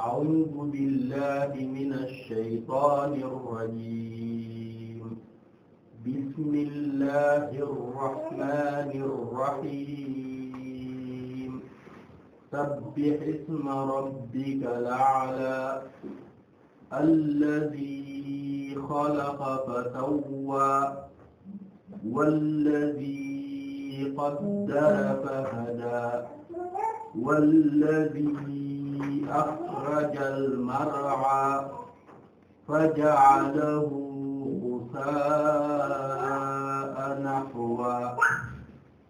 أعوذ بالله من الشيطان الرجيم بسم الله الرحمن الرحيم سبح اسم ربك الأعلى الذي خلق فسوى والذي قدر فهدى والذي أخرج المرعى فجعله غثاء نحوا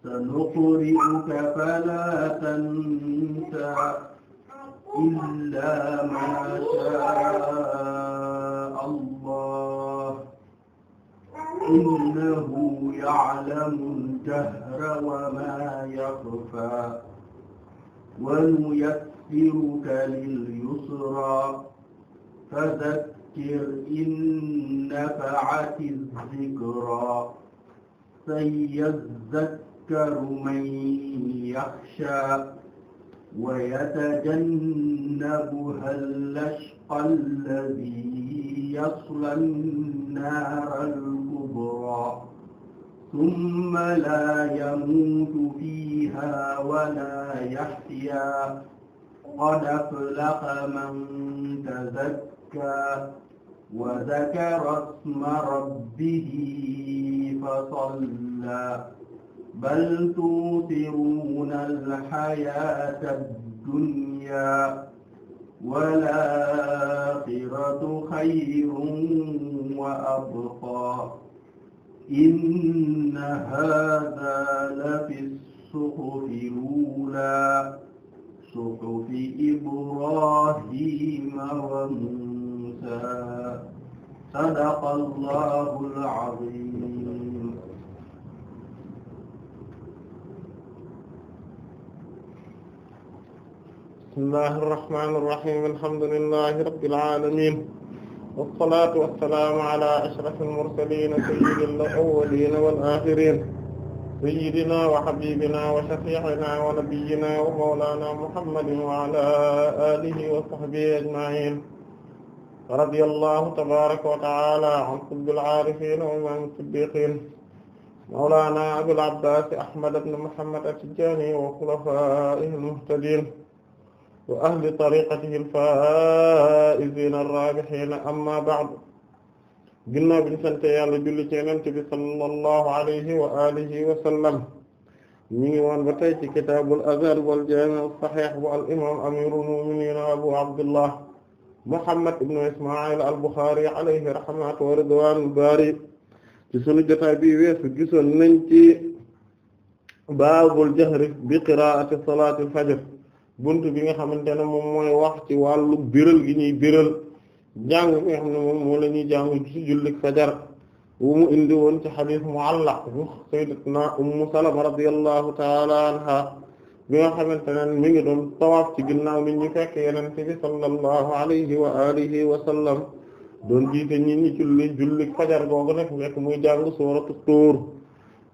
سنقرئك فلا تنسى إلا ما شاء الله إنه يعلم الجهر وما يخفى ونيسر nuyassiruka lil yusra fazakkir in nafa'ati dhikra sayazzakkaru man yakhsha wa yatajannabuha al-ashqa alladhi yasla an-nara al-kubra thumma la yamutu fiha wa la yahya قد أفلح من تزكى وذكر اسم ربه فصلى بل تؤثرون الحياة الدنيا والآخرة خير وأبقى إن هذا لفي الصحف الأولى صحف إبراهيم وموسى صدق الله العظيم بسم الله الرحمن الرحيم الحمد لله رب العالمين والصلاة والسلام على أشرف المرسلين سيد الأولين والآخرين sayyidina wa habibina wa shafi'ina wa nabiyyina wa mawlana muhammadin wa ala alihi wa sahbihi ajma'in radiyallahu tabaraka wa ta'ala an qutbil arifin wa imam siddiqin mawlana abul abbas ahmad ibn muhammad at-tijani wa khulafa'ihi al-muhtadin wa ahli tariqatihi al-fa'izin ar-rabihin amma ba'd ginnaaw bi ñu sant yàlla julli ci yonent bi sallallahu alayhi wa alihi wa sallam ñu ngi woon ba tey ci kitaabul azan wal jaami' as-sahih bu al imam amirul mu'minin abu abdullah muhammad ibn isma'il al bukhari alayhi rahmatu wa ridwanul bari ci sunu jotaay bi weesu gisoon nañ ci baabul jahri bi qira'ati salaatil fajr bunt bi nga xamante ne moom mooy wax ci wàllu biral gi ñuy biral jàng bi nga xam ne moom jàng ci jullik fajar wu mu indi woon ci xadis muallaq bu sayyidatuna ummu salama radiyallahu taala anha bi nga xamante ne mi ngi doon tawaaf ci ginnaaw nit ñi fekk yenente bi sallallahu alayhi wa alihi wa sallam doon jiite ñi ñi julli jullik fajar googu nag fekk muy jàng suuratu tuur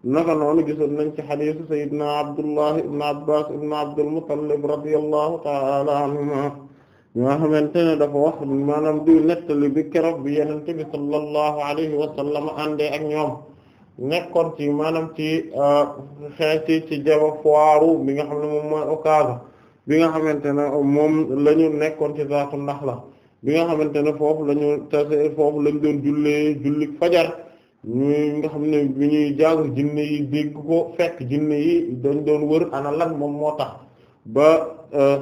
naka noonu gisoon nañ ci xadisu sayyidina abdullah ibn abbas ibn abdul muttalib radiyallahu taala anhuma nga xamante ne dafa wax maanaam du nettali bi keroog bi yenent bi sallallahu alayhi wa sallam àndee ak ñoom nekkoon ci maanaam ci euh, xeeti ci jaba foiru bi nga xam ne moom mooy okaasa bi nga xamante ne moom la ñu nekkoon ci zaatu ndax la bi nga xamante ne foofu la ñu tase foofu lañ doon jullee jullik fajar ñu nga xam ne bi ñuy jaagu jinne yi dégg ko fekk jinne yi dañ doon wër ana lan moom moo tax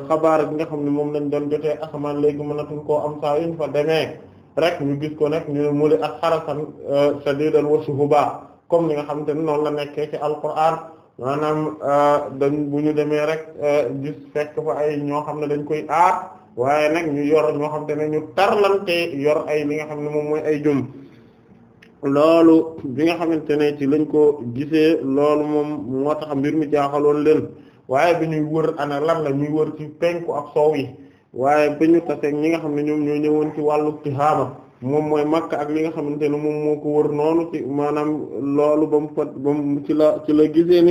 xabaar bi nga xam ne moom lañ doon jotee asamaan léegi mënatuñ koo am saa yuñ fa demee rek ñu gis ko nag ñu ne mu li ak xarasan euh, shadidan wa shuhuba comme ni nga xamante ne noonu la nekkee ci alquran maanaam euh, dañ bu ñu demee rek euh, gis fekk fa ay ñoo xam ne dañ koy aar waaye nag ñu yor ñoo xamante ne ñu tarlante yor ay li nga xam ne moom mooy ay jum loolu bi nga xamante ne ci lañ ko gisee loolu moom moo tax a mbir mi jaaxaloon leen waaye bi ñuy wër ana lan la ñuy wër ci penku ak soow yi waaye bi ñu taseeg ñi nga xam ne ñoom ñoo ñëwoon ci wàllu Tihaama moom mooy Makka ak li nga xamante ne moom moo ko wër noonu ci maanaam loolu ba mu fa ci la ci la gisee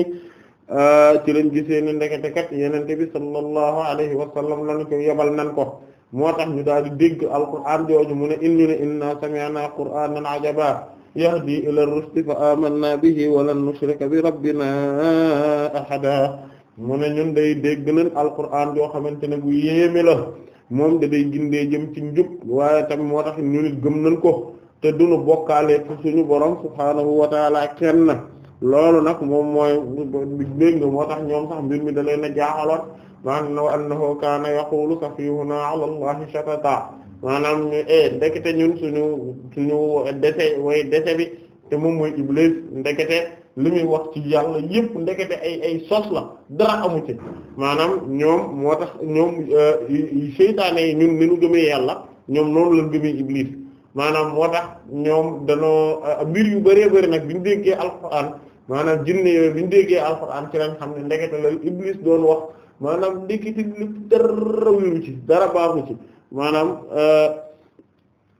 euh, ci la gisee ni ndekete kat yenente bi sallallahu alayhi wa sallam lañ ko yebal nan ko moo tax ñu daal di dégg alquraan jooju mu ne innu ne inna sami'na qur'aanan ajaba yahdi ila rushdi fa amanna bihi wa lan nushrika bi rabbina ahada mu ne ñun day dégg leen alquran yoo xamante ne bu yéeme la moom da day gindee jëm ci njub waaye tamit moo tax ñu nit gëm nañ ko te duñu bokkaale suñu borom subhaanahu wa taala kenn loolu nag moom mooy dégg nga moo tax ñoom sax mbir mi da leen a ma maanaam na annahu kaana yaqulu safihuna ala allahi shatata maanaam ñu e ndekete ñun suñu suñu dese way dese bi te moom mooy iblis ndekete li muy wax ci yàlla yépp ndekete ay ay sos la dara amu ci maanaam ñoom moo tax ñoom euh, seytaane yi ñun ni ñu gëmee yàlla ñoom noonu lañ gëmee iblis maanaam moo tax ñoom danoo euh, mbir yu bëree bëri nag bi ñu déggee alxuraan maanaam jinne yooyu bi ñu déggee alxuraan ci lañ xam ne ndekete la iblis doon wax maanaam ndekete lépp dara wéru ci dara baaxu ci maanaam euh,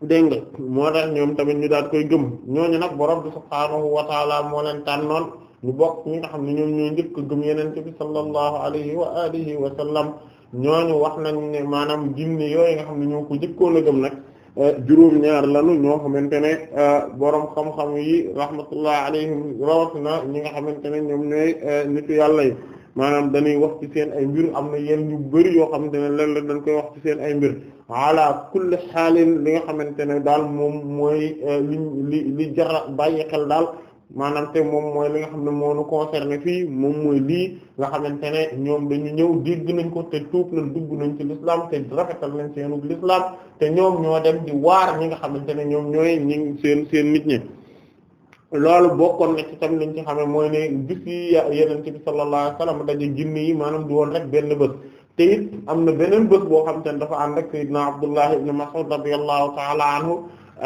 dégg nga moo tax ñoom tamit ñu daal koy gëm ñooñu nag borom bi subhaanahu wa taala moo leen tànnoon ñu bokk ñi nga xam ne ñoom ñoo njëkk gëm yenente bi sallallahu alayhi wa alihi wa sallam ñooñu wax nañ ne maanaam jinne yooyu nga xam ne ñoo ko njëkkoon a gëm nag eh, juróom ñaar lanu ñoo xamante ne eh, borom xam-xam yi rahmatullah alayhim rawatina ñi nga xamante ne ñoom ñooy eh, nitu yàlla yi maanaam dañuy wax ci seen ay mbir am na yenn yu bari yoo xam ne leen la dañ koy wax ci seen ay mbir ala kulli xaalin li nga xamante ne daal moom mooy euh, li li li jara bàyyi xel daal maanaam te moom mooy li nga xam ne moo nu concerné fii moom mooy lii nga xamante ne ñoom dañu ñëw dégg nañ ko te tuub nañ dugg nañ ci l'islam te rafetal nañ seenu l'islam te ñoom ñoo dem di waar ñi nga xamante ne ñoom ñooy ñi seen seen nit ñi loolu bokkoon na ci tam liñ ci xamee mooy ne bis yi yenente bi sallallahu alayhi wasallam daje jinne yi maanaam du woon rek benn bés te am na beneen bés boo xam te ne dafa ànd ak sayyidina Abdullah ibn Mas'ud radiyallahu taalaa anhu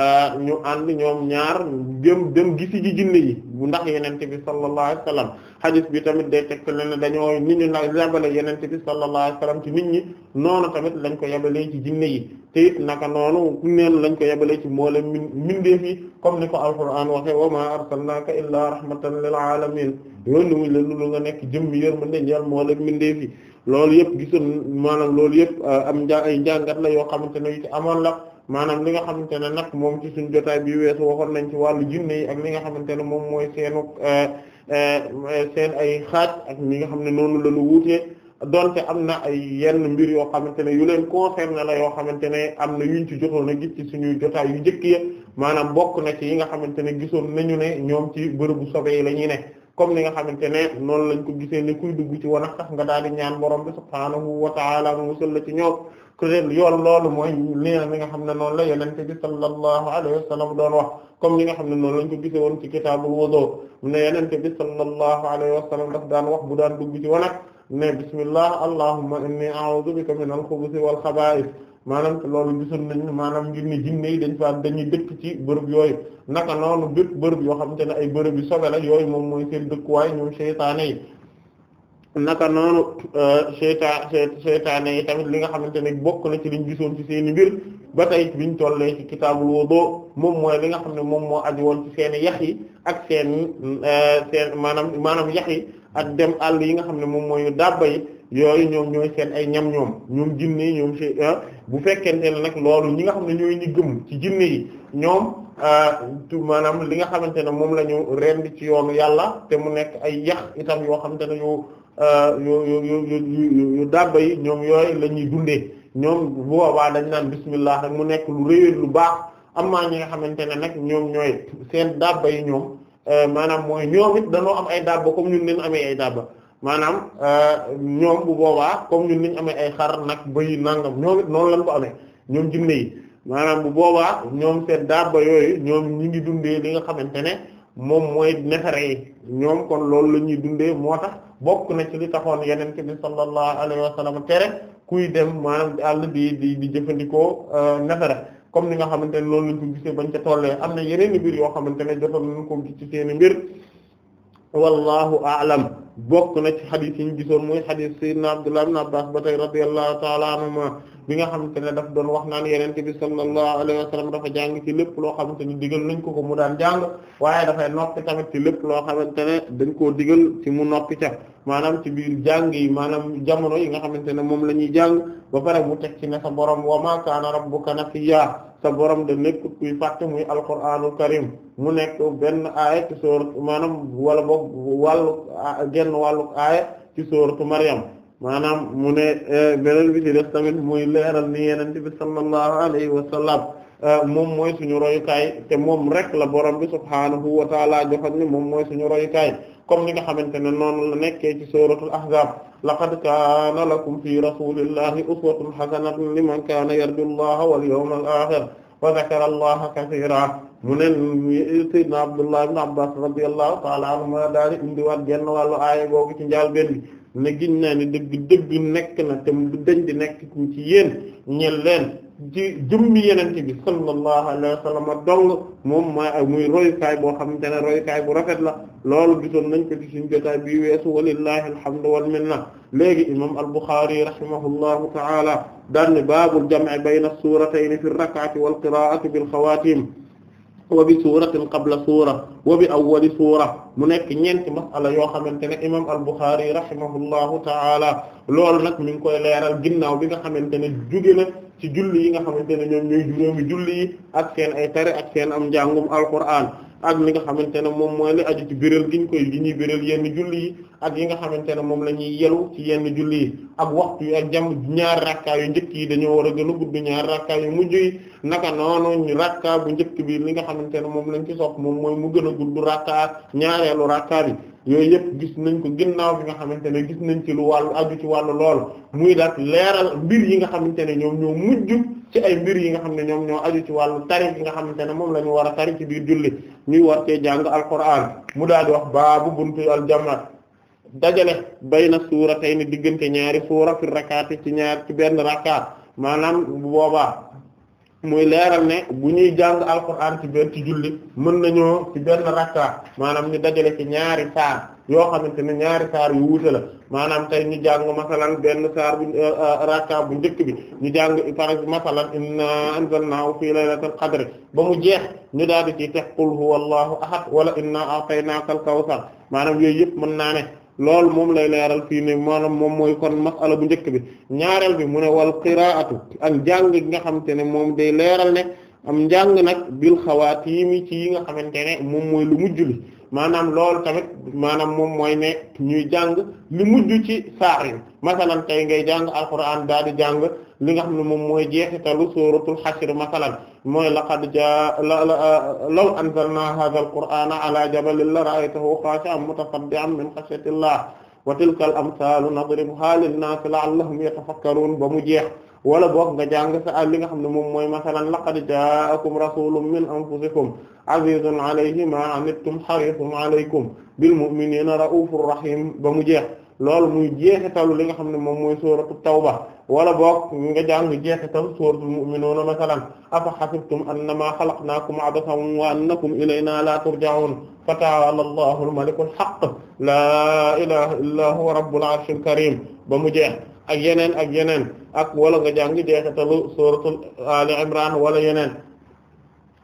euh, ñu ànd ñoom ñaar dem dem gisi ji jinne yi bu ndax yenente bi sallallahu alayhi wasallam hadis bi tamit day teg leen ne dañoo nit ñu nag yabale yenente bi sallallahu alayhi wasallam ci nit ñi noonu tamit lañ ko yabalee ci jinne yi te naka noonu neen lañ ko yabalee ci mboolem min mindeef yi comme ni ko alquran waxe wa ma arsalnaaka illaa rahmatan lil alamin yoon nu muñ la lu nga nekk jëmmi yërmande ñeel mboolem mindeef yi loolu yëpp gisoon maanaam loolu yëpp euh, am nja ay njàngat la yoo xamante ne amoon la maanaam li nga xamante ne nag moom ci suñu bi weesu waxoon nañ ci wàllu jinne ak li nga xamante ne moom mooy seenu euh, euh, seen ay xaaj ak ñi nga xam ne noonu la lu wuutee donte am na ay yenn mbir yoo xamante ne yu leen concerné la yoo xamante ne am na yuñ ci jotoon a gis suñu suñuy jotaay yu njëkk ya maanaam bokk na ci yi nga xamante ne gisoon nañu ne ñoom ci bërëbu sobe yi la ñuy ne comme ni nga xamante ne noonu lañ ko gisee ne kuy dugg ci wanax sax nga daal di ñaan borom bi subhaanahu wa ta'ala mu musal la ci ñoom ku leen yoon loolu mooy li nga xam ne noonu la yenente bi sallallahu alayhi wa sallam doon wax comme ni nga xam ne noonu lañ ko gisee woon ci kitaabul wudu ne yenente bi sallallahu alayhi wa sallam daf daan wax bu daan dugg ci wanax ne bismillah allahumma inni a'udhu bika min al-khubuthi wal khaba'ith maanaam loolu gisoon nañ maanaam ngir ne jinne yi dañ fa dañuy dëkk ci bërëb yooyu naka noonu bépp bërëb yoo xamante ne ay bërëb yu sobe la yooyu moom mooy seen dëkkuwaay ñoom seytaane yi naka noonu euh, seytaan seytaane yi li nga xamante ne bokk na ci liñ gisoon ci seen i mbir ba tey biñ tollee ci kitaabul wudu moom mooy li nga xam ne moom moo aju woon ci seen yax yi ak seen euh, seen maanaam maanaam yax yi ak dem àll yi nga xam ne moom mooy dabba yi yooyu ñoom ñooy seen ay ñam ñoom ñoom jinne yi ñoom si ah, bu fekkee ne nag loolu ñi nga xam ne ñooy ñi gëm ci jinne yi ñoom ah, maanaam li nga xamante ne moom la ñu rendi ci yoonu yàlla te mu nekk ay yax itam yoo xamante ne yu yu yu yu yi ñoom yooyu la ñuy ñoom bu boobaa dañ naan bismillah rek mu nekk lu réwér lu baax am na ñi nga xamante ne nag ñoom ñooy seen dabba yi ñoom ah, maanaam mooy ñoom it am ay dabba comme ñun leen amee ay dabba maanaam euh, ñoom bu boobaa comme ni niñ amee ay xar nag bëy nangam ñoom it noonu lañ ko amee ñoom jinne yi maanaam bu boobaa ñoom seen daaba yooyu ñoom ñi ngi dundee li nga xamante ne moom mooy nefere yi ñoom kon loolu la ñuy dundee moo tax bokk na ci li taxoon yeneen bi sallallahu alayhi wa sallam tere kuy dem maanaam di àll di di di jëfandikoo euh, nefere comme ni nga xamante ne noon lañ ko gisee bañ ca tollee am na yeneen i mbir yoo xamante ne jotoon nañ ko gis ci seen mbir wallahu a'lam bokk na ci xadis yi ñu gisoon muy xadis sayyidina Abdullah ibn Abbas ba tey radiyallahu ta'ala anhuma bi nga xamante ne daf doon wax naan yeneen bi sallallahu alayhi wa sallam dafa jàng ci lépp loo xamante ne digal nañ ko ko mu daan jàng waaye dafay noppi tamit ci lépp loo xamante ne dañ koo digal ci mu noppi ca maanaam ci biir jàng yi maanaam jamono yi nga xamante ne moom la ñuy jàng ba pare mu teg ci ne sa borom wa ma kaana rabbuka nasiya sa borom da nekk kuy fàtte muy alquraanul karim mu nekk benn aaya ci sooratu maanaam wala boog wàllu genn wàllu aaya ci sooratu Maryam maanaam mu ne eh, beneen bi ci def tamit muy leeral ni yenente bi sallallahu alayhi wa sallam Euh, moom mooy suñu royukaay te moom rek la borom bi subhaanahu wa taala joxoon ni moom mooy suñu royukaay comme ni nga xamante ne noonu la nekkee ci suratul ahzab laqad kaana lakum fi rasulillahi uswatun hasanatun liman kaana yarju allaha wal yawmal wa dhakara allaha kathira mu ne sayyidna abdullah ibn abbas radiyallahu taala anhuma daal di indiwaat genn wàllu aaya googu ci njaal benn ne giñ naa ni dëgg dëgg nekk na te dañ di nekk ci yéen ñeel leen ci jëmmi yenente bi sallallahu alayhi wa sallam dong moom mooy ak muy royukaay boo xamante ne royukaay bu rafet la loolu gisoon nañ ko ci suñu bi bii weesu walillahi alhamdu wal minna léegi imam al-Bukhari rahimahullahu ta'ala daanne baabul jam'i bayna suuratayni fi rak'ati wal qira'ati bil xawaatim wa bi suuratin qabla suura wa bi awwali suura mu nekk ñeenti masala yoo xamante ne imam al-Bukhari rahimahullahu ta'ala loolu nag mi ngi koy leeral ginnaaw bi nga xamante ne jóge ci julli yi nga xamante ne ñoom ñooy juróomi julli yi ak seen ay tare ak seen am njàngum alquran ak li nga xamante ne moom mooy li aju ci bérél gi ñu ñuy bérél yenn julli yi ak yi nga xamante ne moom la ñuy yelu ci yenn julli yi ak waxtu yi ak ñaar rakkaa yu njëkk yi dañoo war a gën a gudd ñaar rakkaa yi mu yi naka noonu ñu rakkaa bu njëkk bi li nga xamante ne moom lañ ci sopp moom mooy mu gën a gudd rakkaa ñaareelu rakkaa bi yooyu yëpp gis nañ ko ginnaaw bi nga xamante ne gis nañ ci lu wàllu aju ci wàllu lool muy daal leeral mbir yi nga xamante ne ñoom ñoo mujj ci ay mbir yi nga xam ne ñoom ñoo aju ci wàllu tari bi nga xamante ne moom la war a tari ci biir julli ñuy war cee jàng alquran mu daal di wax baabu buntu aljamaa dajale bayna ni diggante ñaari suura fi rakaati ci ñaar ci benn rakaat maanaam bu boobaa. muy leeral ne bu ñuy jàng alquran ci benn ci julli mën nañu ci benn rakka maanaam ñu dajale ci ñaari saar yoo xamante ne ñaari saar yu wuute la maanaam tey ñu jàng masalan benn saar bu euh, euh, rakka bu njëkk bi ñu jàng par exemple masalan inna anzalnahu fi laylatil qadr ba mu jeex ñu daal di ci teg qul huwallahu ahad wala inna a'taynaka al kawsar maanaam yooyu yëpp mën naa loolu moom lay leeral fii ne maanaam moom mooy kon masala bu njëkk bi ñaareel bi mu ne wal qiraatu ak njàng gi nga xamante ne moom day leeral ne am njàng nag bil xawaatiimi ci yi nga xamante ne moom mooy lu mujj li maanaam loolu tamit maanaam moom mooy ne ñuy jàng li mujj ci saar yi masalan tey ngay jàng alquran daal di jàng li nga xam ne moom mooy jeexitalu suratul xashr masalan mooy laqad jaa law anzalna hadha al-qur'ana ala jabalin la ra'aytahu khashi'an mutasaddi'an min khashyati Allah wa tilka al-amthaalu nadribuha lin-naasi la'allahum yatafakkarun ba mu jeex wala boog nga jàng sa li nga xam ne moom mooy masalan laqad jaakum rasulun min anfusikum azizun alayhi ma anittum harisun alaykum bil mu'minina ra'ufur rahim ba mu jeex loolu muy jeexitalu li nga xam ne moom mooy suuratu tawba wala boog nga jàng jeexital suuratul mu'minuuna masalan afa xasibtum annamaa xalaqnaakum abasan wa annakum ilaynaa laa turja'uun fata'aala allahu al-malikul haqq laa ilaaha illaa huwa rabbul arshil kariim ba mu jeex ak yeneen ak yeneen ak wala nga jàng jeexitalu suuratul aali imraan wala yeneen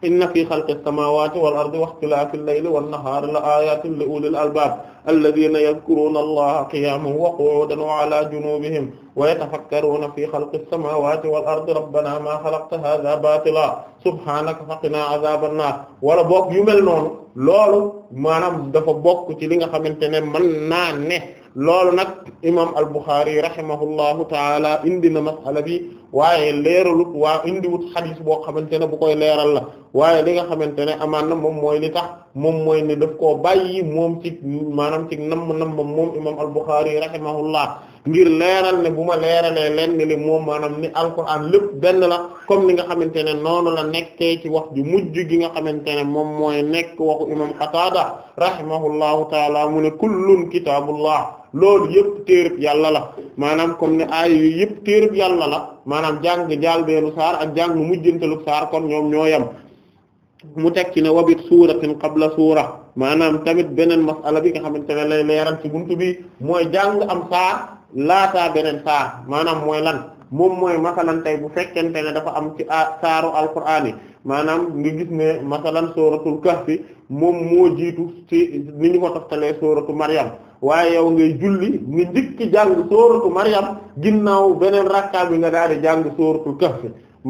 inna fi xalqis samaawaati wal ardi wa ixtilaafil layli wan nahaari la aayaatin li ulil albaab alladhina yadhkuruna allaha qiyaman wa qu'udan wa ala junubihim wa yatafakkaruna fi khalqis samawati wal ardi rabbana ma khalaqta hadha batila subhanaka faqina adhaban nar wala bokk yu mel noonu loolu maanaam dafa bokk ci li nga xamante ne mën naa ne loolu nag imam al Bukhari rahimahullahu taala indi na masala bi waaye leeralut waa indiwut xadis boo xamante ne bu koy leeral la waaye li nga xamante ne amaan na moom mooy li tax moom mooy ne daf ko bàyyi moom ci maanaam ci namm namm moom imam al Bukhari rahimahullah ngir leeral ne bu ma leeralee leen li moom maanaam ni alquran lépp benn la comme li nga xamante ne noonu la nekkee ci wax ju mujj gi nga xamante ne moom mooy nekk waxu imam Qatada rahimahullahu taala mu ne kullun kitaabullah loolu yëpp téereb yàlla la maanaam comme ne aaya yooyu yëpp téereb yàlla la maanaam jàng jaalbeelu saar ak jàng mujjantalu saar kon ñoom ñoo yam mu teg ci ne wabit suuratin qabla suura maanaam tamit beneen masala bi nga xamante ne lay leeral ci buntu bi mooy jàng am saar laataa beneen saar maanaam mooy lan moom mooy masalan tey bu fekkente ne dafa am ci saaru alquraan yi maanaam nga gis ne masalan sooratul kahfi moom moo jiitu ci ni ñu ko toftalee sooratu Maryam waaye yow ngay julli nga njëkk jàng sóoratu Maryam ginnaaw beneen rakka bi nga daal di jàng sóoratu Kahf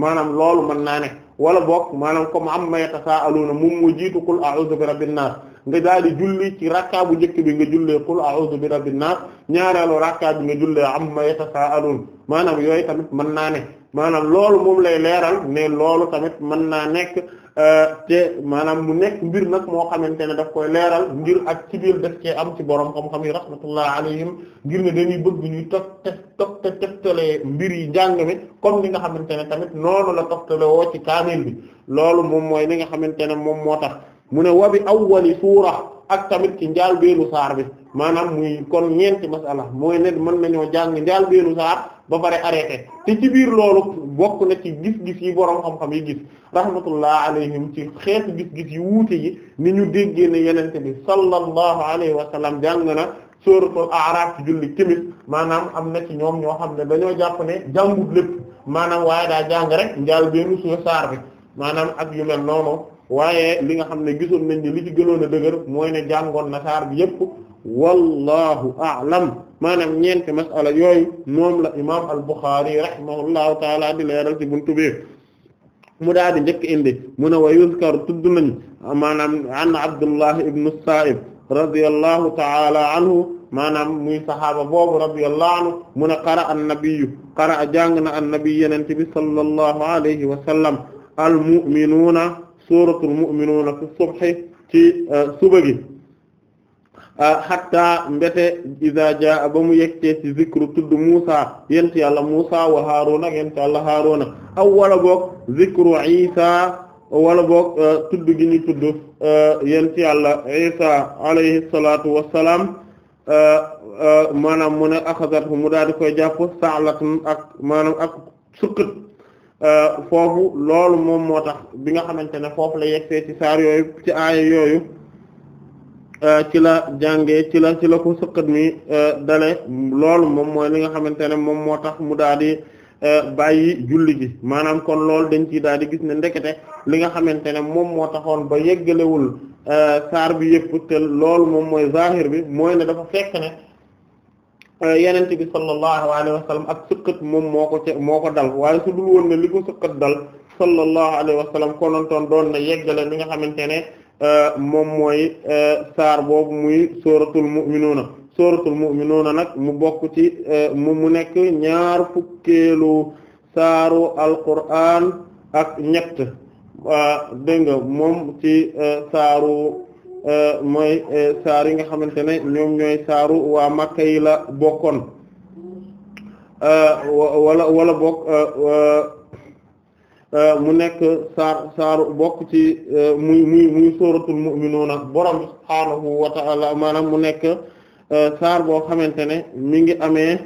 maanaam loolu mën naa ne wala boog maanaam comme am ma yatasaaluna moom mu jiitu qul a'udhu bi rabbin nas nga daal di julli ci rakka bu njëkk bi nga jullee qul a bi rabbin nas ñaareelu rakka bi nga jullee am ma yatasaalun maanaam yooyu tamit mën naa ne maanaam loolu moom lay leeral ne loolu tamit mën naa nekk Euh, te maanaam mu nekk mbir nag moo xamante ne daf koy leeral ngir ak ci biir def cee am ci borom xam-xam yi rahmatullah alayhim ngir ne dañuy bëgg ñuy tog te tog te tegtalee mbir yi njàng mi comme li nga xamante ne tamit noonu la togtale woo ci kaamil bi loolu moom mooy li nga xamante ne moom moo tax mu ne wabi awwali suura ak tamit ci njaal beelu saar bi maanaam muy kon ñeenti masala mooy ne mën nañoo jàng njaal beenu saar ba pare arrêté te ci biir loolu bokk na ci gis-gis yi boroom xam-xam yi gis rahmatullah alayhim ci xeet gis-gis yi wuute yi ni ñu déggee ne yenente bi sallallahu alayhi wa sallam jàng na suratul a'raf ci julli timis maanaam am na ci ñoom ñoo xam ne dañoo jàpp ne jàngut lépp maanaam waaye daa jàng rek njaal beenu suñu saar bi maanaam ak yu mel noonu waaye li nga xam ne gisoon nañ ni li ci gënoon a dëgër mooy ne jàngoon na saar bi yépp wallahu a'lam maanaam ñeenti masala yooyu moom la imam al-Bukhari rahimahullahu taala di leeral ci buntu bi mu daa di njëkk indi mu ne wa yuzkar tudd nañ maanaam an Abdullah ibn as-Sa'ib radiyallahu taala anhu maanaam muy saxaaba boobu radiyallahu anhu mu ne qara an-nabiyyu qara a jàng na an-nabi yenente bi sallallahu alayhi wa sallam al-mu'minuuna suuratul mu'minuuna fi subhi ci uh, suba gi Ah, hatta mbete iza jaa ba mu yeggtee ci zikru tudd Musa yent yàlla Musa wa Haaruna yent yàlla Haaruna aw wala boog zikru Isa wala boog ah, tudd gi ñu tudd ah, yent yàlla Isa alayhi salaatu wa salaam maanaam mu ne axasatu mu daal di koy jàpp saalatun ak ak suqat foofu loolu moom moo tax bi nga xamante ne foofu la yeggtee ci saar yooyu ci aaya yooyu Euh, ci la jàngee ci la ci la ko sëqat mi euh, dale loolu moom mooy li nga xamante ne moom moo tax mu daal di euh, bàyyi julli gi maanaam kon loolu dañ ciy daal di gis ne ndekete li nga xamante ne moom moo taxoon ba yeggalewul saar bi yëpp te loolu moom mooy zahir bi mooy ne dafa fekk ne yenente bi sallallahu alayhi wa sallam ak sëqat moom moo ko ca moo ko dal waaye su dul woon ne li ko sëqat dal sallallahu alayhi wa sallam konoon toon doon na yeggale li nga xamante ne Euh, moom mooy euh, saar boobu muy sóoratul mu'minuuna sóoratul mu'minuuna nag mu bokk ci euh, mu mu nekk ñaar fukkeelu saaru alquraan ak ñett dégg moom ci saaru mooy saar yi nga xamante ne ñoom ñooy saaru waa Makka yi bokkoon wala wala bokk Euh, mu nekk saar saaru bokk ci euh, muy muy muy sóoratul borom subhaanahu wa ta'ala maanaam mu nekk euh, saar boo xamante ne mi ngi amee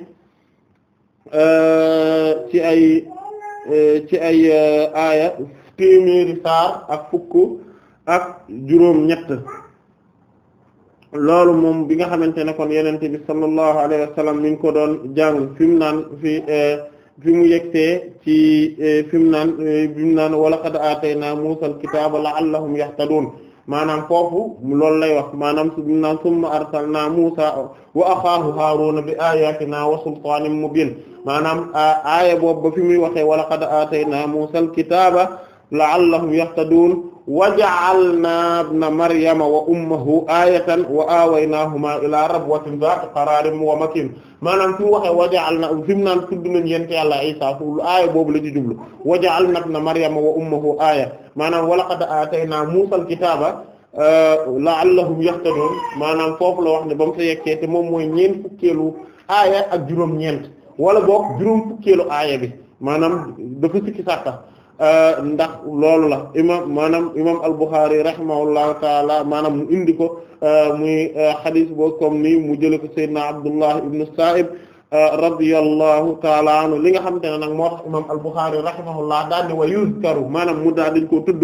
ci ay ci ay aaya téeméeri saar ak fukk ak juróom-ñett loolu moom bi nga xamante ne kon yenente bi sallallahu alayhi wa sallam ko doon jàng fi mu naan fi bi mu yegsee ci eh, fi mu naan eh, bi mu naan wa laqad aataynaa Muusal kitaaba la'allahum yahtaduun maanaam foofu loolu lay wax maanaam su naan summa arsalnaa Muusaa wa axaahu Haaruuna bi aayaatinaa wa sultaanin mubiin maanaam aaya boobu ba fi muy waxee wa laqad aataynaa Muusal kitaaba la'allahum yahtaduun na ibna maryama wa ummahu ayatan wa awaynaahuma ila rabwatin zaati qaraarin wa makin maanaam fi waxe waxee waja'alna fi mu naan tudd nañ yent yàlla Isaa fu aaya boobu la ci jublu na ibna maryama wa ummahu aaya maanaam wa laqad aataynaa Muusal kitaaba euh, la'allahum yahtaduun maanaam foofu la wax ne ba mu sa moom mooy ñeent fukkeelu aaya ak juróom-ñeent wala boog juróom fukkeelu aaya bi maanaam dafa sikki sàkka Euh, ndax loolu la imam maanaam imam al-Bukhari rahimahullahu taala maanaam mu indi ko euh, muy euh, xadis boo kom ni mu jële ko sayyidina Abdullah ibn Sa'ib radiyallahu taala anhu li nga xam ne nag moo tax imam al-Bukhari rahimahullah daal ne wa yuzkaru maanaam mu daal dañ koo tudd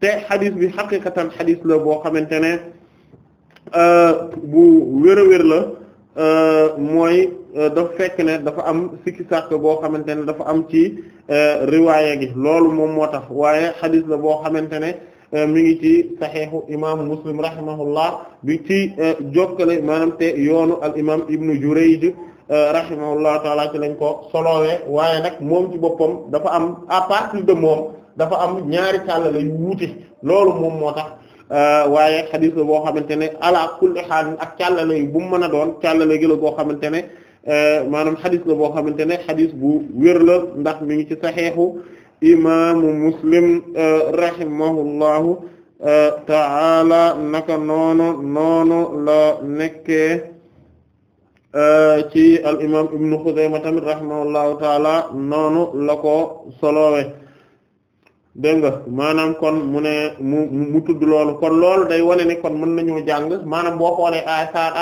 te xadis bi xaqiqatan xadis la boo xamante ne bu wér la mooy Euh, dafa fekk ne dafa am sikki sàkk boo xamante ne dafa am ci euh, riwaaya gi loolu moom moo tax waaye xadis la boo xamante ne euh, mu ngi ci saxiixu imaamu muslim rahimahullah bi ci jokkale maanaam te yoonu al imaam ibnu Jurayj rahimahullahu taala ci lañ ko solowee waaye nag moom ci boppam dafa am à partir de moom dafa am ñaari càllale yu wuute loolu moom moo tax waaye xadis la boo xamante ne ala kulli xaal ak càllale yi bu mu mën a doon càllale gi la boo xamante ne Euh, maanaam xadis la boo xamante ne xadis bu wér ndax mi ngi ci saxeexu imaamu muslim euh, rahimahullahu euh, ta'ala naka noonu noonu la nekkee ci al imaam ibnu Xuzayma tamit rahimahullahu ta'ala noonu la ko soloowe dégg nga maanaam kon mu ne mu mu tudd loolu kon loolu day wane ne kon mën nañoo jàng maanaam boo xoolee asar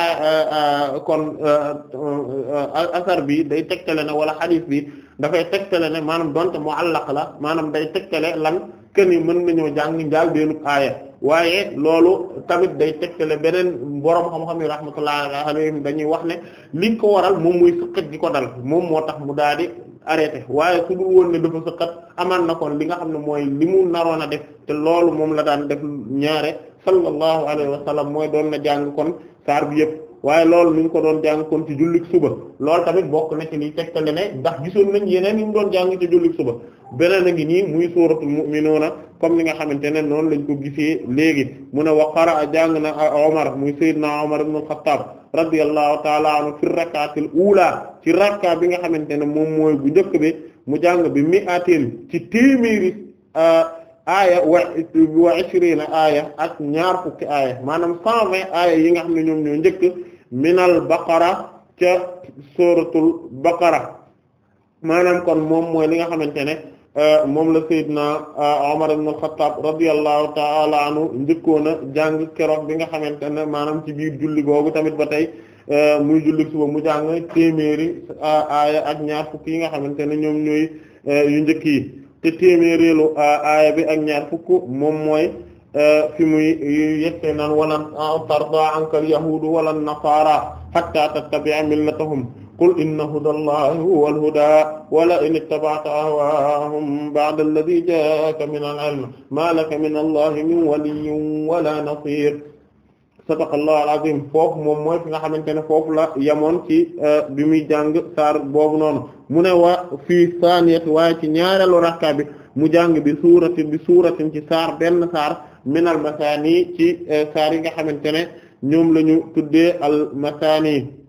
kon euh, euh, asar bi day tegtale ne wala xadiis bi dafay tegtale ne maanaam donte muallaq la maanaam day tegtale lan këni mën nañoo jàng njaal benn aaya waaye loolu tamit day tegtale beneen boroom xam-xam yi rahmatullahi alayhim dañuy wax ne liñ ko waral moom muy sëqët gi ko dal moom moo tax mu daal di arrêté waaye su dul woon ne dafa sëqat amaan na kon li nga xam ne mooy li mu naroon a def te loolu moom la daan def ñaare sallallahu alayhi wa sallam mooy doon na jàng kon saar bi yëpp waaye loolu mi ngi ko doon jàng kon ci jullik suba loolu tamit bokk na ci liy tegtale ne ndax gisoon nañ yeneen yi mu doon jàng ci jullik suba beneen a ngi nii muy suuratul mu'minuuna comme ni nga xamante ne noonu lañ ko gisee léegi mu ne wa a jàng na Omar muy Seydina Omar ibn Khattab radiyallahu taala anhu fi rakaatil ula ci rakka bi nga xamante ne moom mooy bu njëkk bi mu jàng bi mi atin ci téeméeri euh, aaya wa wa ishrina aaya ak ñaar fukki aaya maanaam cent vingt aaya yi nga xam ne ñoom ñoo njëkk minal baqara ca suratul baqara maanaam kon moom mooy li nga xamante ne Euh, moom la Seydina euh, a ibn al-Khattab radiyallahu ta'ala anhu njëkkoon jàng keroog bi nga xamante ne maanaam ci biir julli googu tamit ba tey euh, muy julli suba mu jàng téeméeri aaya ak ñaar fukk yi nga xamante ne ñoom ñooy yu njëkk yi te téeméereelu aaya bi ak ñaar fukk moom mooy fi muy yegtee naan walan tarda anka yahudu wala nasaara hatta tattabi'a millatahum qul inna hudallahi huwal huda wala in ittaba'ta ahwaahum ba'da alladhi jaa'aka minal ilmi ma laka minallahi min waliyyin wala nasiir sadaqallahu al-azim foofu moom mooy fi nga xamante ne foofu la yamoon ci euh, bi muy jàng saar boobu noonu mu ne wa fii saaniyat waaye ci ñaareelu rakka bi mu jàng bi suurati bi suuratin ci saar benn saar minal masaani ci euh, saar yi nga xamante ne ñoom la ñu tuddee al masaani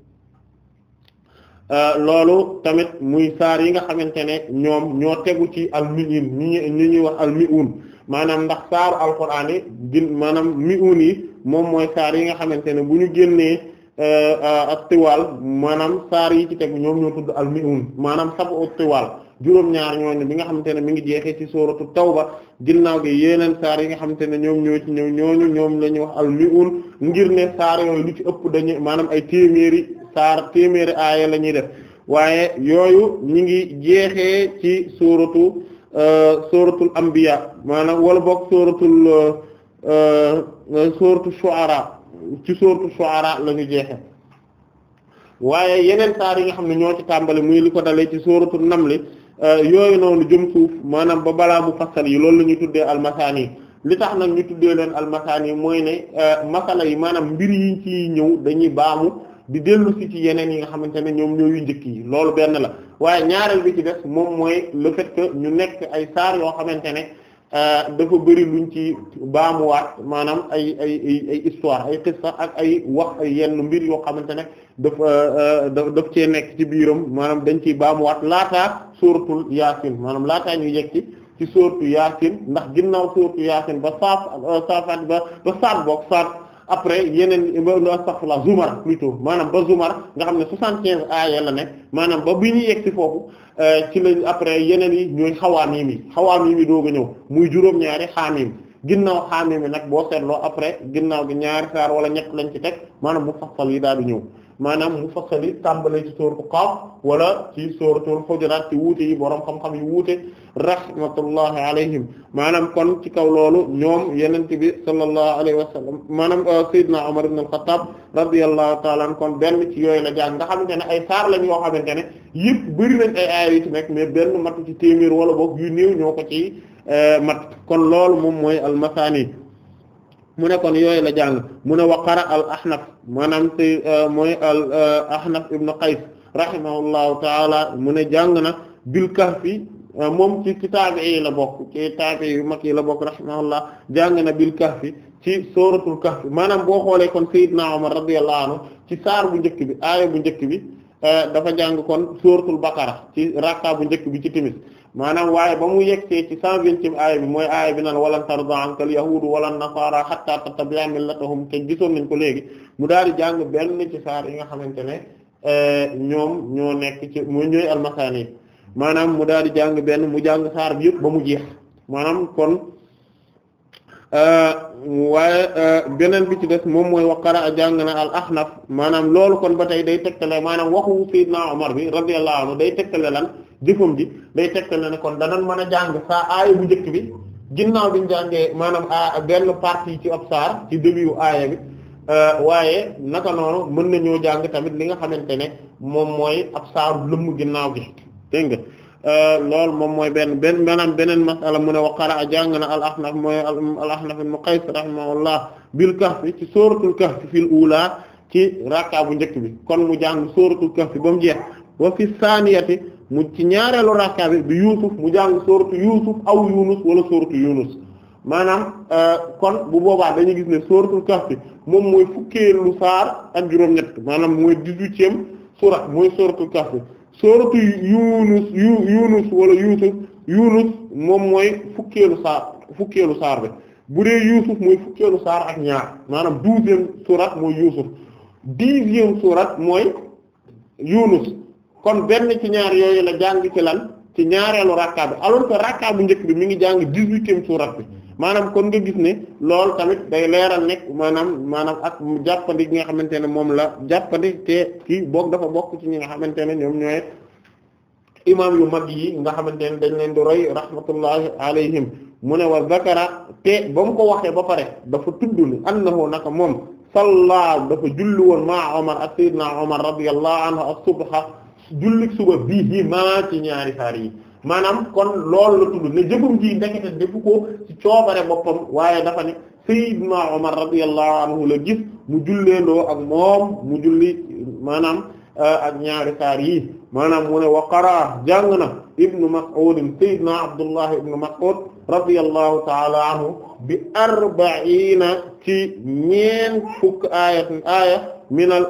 Euh, loolu tamit muy saar yi nga xamante ne ñoom ñoo tegu ci almi'in ñu ñi ñuy wax almi'un maanaam ndax saaru alquraan yi gin maanaam mi'un yi moom mooy saar yi nga xamante ne bu ñu génnee euh, euh, a tiwaal maanaam saar yi ci tegu ñoom ñoo tudd almi'un maanaam sabu tiwaal juróom-ñaar ñooñu bi nga xamante ne mi ngi jeexee ci sooratu tawba ginnaaw gi yeneen saar yi nga xamante ne ñoom ñoo ci ñëw ñooñu ñoom la ñuy wax al liun ngir ne saar yooyu lu ci ëpp dañuy maanaam ay téeméeri saar téeméeri aaya la ñuy def waaye yooyu ñi ngi jeexee ci sooratu euh, sooratul anbiya maanaam wala boog sooratul euh, euh, ci sooratu la ñu jeexee waaye yeneen saar yi nga xam ne ñoo ci tàmbali muy li ko dalee ci sooratu namli Euh, yooyu noonu jëm suuf maanaam ba balaa mu fassal yi loolu la ñuy tuddee almasaani li tax nag ñu tuddee leen almasaani mooy ne euh, masala yi maanaam mbir yi ci ñëw dañuy baamu di dellu si ci yeneen yi nga xamante ne ñoom ñooyu njëkk yi loolu benn la waaye ñaareel bi ci des moom mooy le fait ñu nekk ay saar yoo xamante ne Euh, dafa bëri luñ ci baamuwaat maanaam ay ay ay ay histoire ay xissa ak ay wax ay yenn mbir yoo xamante ne dafa euh, euh, daf cee nekk ci biiram maanaam dañ ciy baamuwaat laataa sóoratul yaasin maanaam laataa ñu yegg ci ci sóoratu yaasin ndax ginnaaw sóoratu yaasin ba saaf saafaat ba ba saat boog saat après yeneen ba astaghfirullah zumar plutôt maanaam ba zumar nga xam ne soixante-quinze aaya la nekk maanaam ba bi ñu yegg euh, ci foofu ci lañ après yeneen yi ñooy xawaamiim yi xawaamiim yi doog a ñëw muy juróom-ñaari xaamiim ginnaaw xaamiim yi nag boo seetloo après ginnaaw gi ñaari saar wala ñett lañ ci teg maanaam mu fassal yi daal di ñëw maanaam mu fassali tàmbalee ci sóoratu Qaaf wala ci sóoratul Hujurat ci wuute yi boroom xam-xam yu wuute rahmatullahi alayhim maanaam kon ci kaw loolu ñoom yenent bi sallallahu alayhi wa sallam maanaam euh, Seydina Umar ibn al-Khattab radiyallahu ta'ala an kon benn ci yooyu la jàng nga xamante ne ay saar lañ yoo xamante ne yëpp bëri nañ ay aaya yu ci nekk benn matt ci téeméer wala boog yu néew ñoo ko ci euh, mat kon loolu moom mooy al-Masaani mu ne kon yooyu la jàng mu ne waqara al ahnaf maanaam te euh, mooy al euh, ahnaf ibnu qays rahimahullahu taala mu ne jàng na bil kahfi euh, moom ci ci taabii la bokk ci taabii yu mag yi la bokk rahimahullah jàng na bil kahfi ci sooratul kahfi maanaam boo xoolee kon sayyidna umar radiyallahu anhu ci saar bu njëkk bi aaya bu njëkk bi Eh, dafa jàng kon suratul baqara ci rakka bu njëkk bi ci timis maanaam waaye ba mu yegsee ci cent vingtième aaya bi mooy aaya bi naan walan tarda ankal yahudu wala nasara hatta tattabi'a millatahum te gisoon nañ ko léegi mu daal di jàng benn ci saar bi nga xamante ne eh, ñoom ñoo nekk ci mooy ñooy almasaani maanaam mu daal di jàng benn mu jàng saar bi yëpp ba mu jeex maanaam kon Euh, waaye euh, beneen bi ci des moom mooy waqara a jàng na al ahnaf maanaam loolu kon ba tey day tegtale maanaam waxu Seydina Omar bi radiyallahu anhu day tegtale lan jëfam ji day tegtale ne kon danañ mën a jàng saa aaya bu njëkk bi ginnaaw bi ñu jàngee maanaam a ah, benn partie ci ab saar ci début yu aaya bi euh, waaye naka noonu mën nañoo jàng tamit li nga xamante ne moom mooy ab saaru lëmm ginnaaw bi dégg nga Euh, loolu moom mooy benn benn maanaam beneen masala mu ne waqara a jàng na al ahnaf mooy al mu ibn qays rahimahullah bil kahfi ci sóoratul kahfi fil ula ci rakka bu njëkk bi kon mu jàng sóoratul kahfi ba mu jeex wa fi saaniyati mu ci ñaareelu rakka bi bi mu jàng sóoratu yuusuf aw yunus wala sóoratu yunus maanaam euh, kon bu boobaa dañu gis ne sóoratul kahfi moom mooy fukkeelu saar ak juróom-ñett maanaam mooy dix-huitième suura mooy sóoratul kahfi sooratu yunus yu yunus wala yusuf yunus moom mooy fukkeelu saar fukkeelu saar bi bu dee yusuf mooy fukkeelu saar ak ñaar maanaam douzième sourate mooy yusuf dixième sourate mooy yunus kon benn ci ñaar yooyu la jàng ci lan ci ñaareelu rakka bi alors que rakka bu njëkk bi mi ngi jàngi dix-huitième sourate bi maanaam kon nga gis ne lool tamit day leeral nekk maanaam maanaam ak jàppandi gi nga xamante ne moom la jàppandi te kii boog dafa bokk ci ñi nga xamante ne ñoom ñooy imaam yu mag yi nga xamante ne dañ leen di roy rahmatullahi alayhim mu ne wa zakara te ba mu ko waxee ba pare dafa tudd ni annahu naka moom salla dafa julli woon maa Omar ak Seydina Omar radiyallahu anhu as-subha julli suba bii maa ci ñaari saar yi maanaam kon loolu la tudd ne jëfum ji ndekete defu ko ci coobare boppam waaye dafa ne sayyidna Umar radiyallahu anhu la gis mu julleendoo ak moom mu julli maanaam euh, ak ñaari saar yi maanaam mu ne wa qaraa jàng na ibnu Mas'ud sayyidna Abdullah ibnu Mas'ud ta'ala anhu bi ci ñeent fukk aaya aaya min al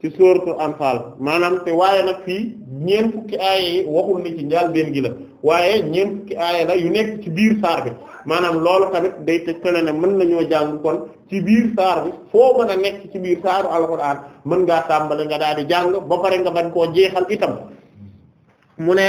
ci sóoratu Anfaal maanaam te waaye nag fii ñeent fukki aaya yi waxul ni ci njaal benn gi la waaye ñeent fukki aaya la yu nekk ci biir saar bi maanaam loolu tamit day tëkkale ne mën nañoo jàng kon ci biir saar bi foo mën a nekk ci biir saaru alxuraan mën ngaa tàmbale nga daal di jàng ba pare nga bañ koo jeexal itam mu ne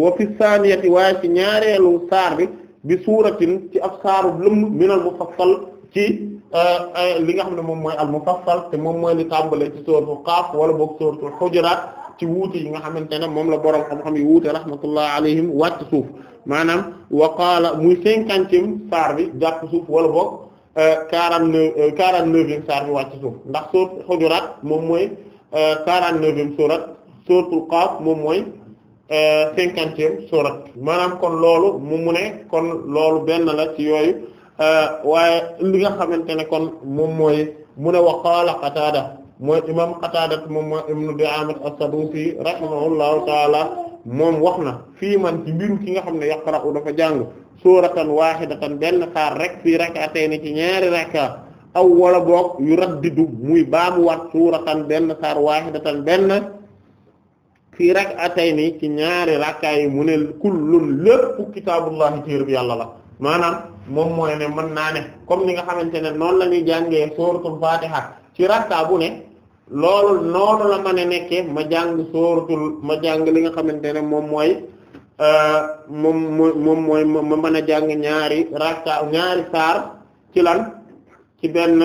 wa fi saaniyati waaye ci ñaareelu saar bi bi suuratin ci ab saaru lëmm minal sol ci Euh, euh, li nga xam ne moom mooy al mufassal te moom mooy li tàmbale ci sóortu qaaf wala boog sóortu xujuraat ci wuuti yi nga xamante ne moom la borom xam-xam yi wuute rahmatullah alayhim wàcc suuf maanaam wa qaala muy cinquantième saar bi jàpp suuf wala boog euh, quarante-neuf quarante-neuvième saar bi wàcc suuf ndax moom mooy quarante-neuvième sóorat sóortu moom mooy cinquantième sóorat maanaam kon loolu mu mu ne kon loolu benn la ci yooyu Euh, waaye li nga xamante ne kon moom mooy mu ne wa qaala Qataada mooy imam Qataada moom mooy ibnu Di'aamat as-Sadusi rahimahullahu taala moom wax na fii man ci mbiru ki nga xam ne yaqra'u dafa jàng suuratan waahidatan benn xaar rek fii rak'atayni ci ñaari rakka aw wala boog yu raddidu muy baamuwaat suuratan benn xaar benn fii rak'atayni ci ñaari rakka yi mu ne kullun lépp kitaabullahi téere bi yàlla la maanaam moom mooy ne mën naa ne comme ni nga xamante ne noonu la ñuy jàngee sóoratul Fatiha ci rakka bu ne loolu noonu la ma ne nekkee ma jàng sóoratul ma jàng li nga xamante ne moom mooy moom euh, moom mooy ma mën a jàng ñaari rakka ñaari saar ci lan ci benn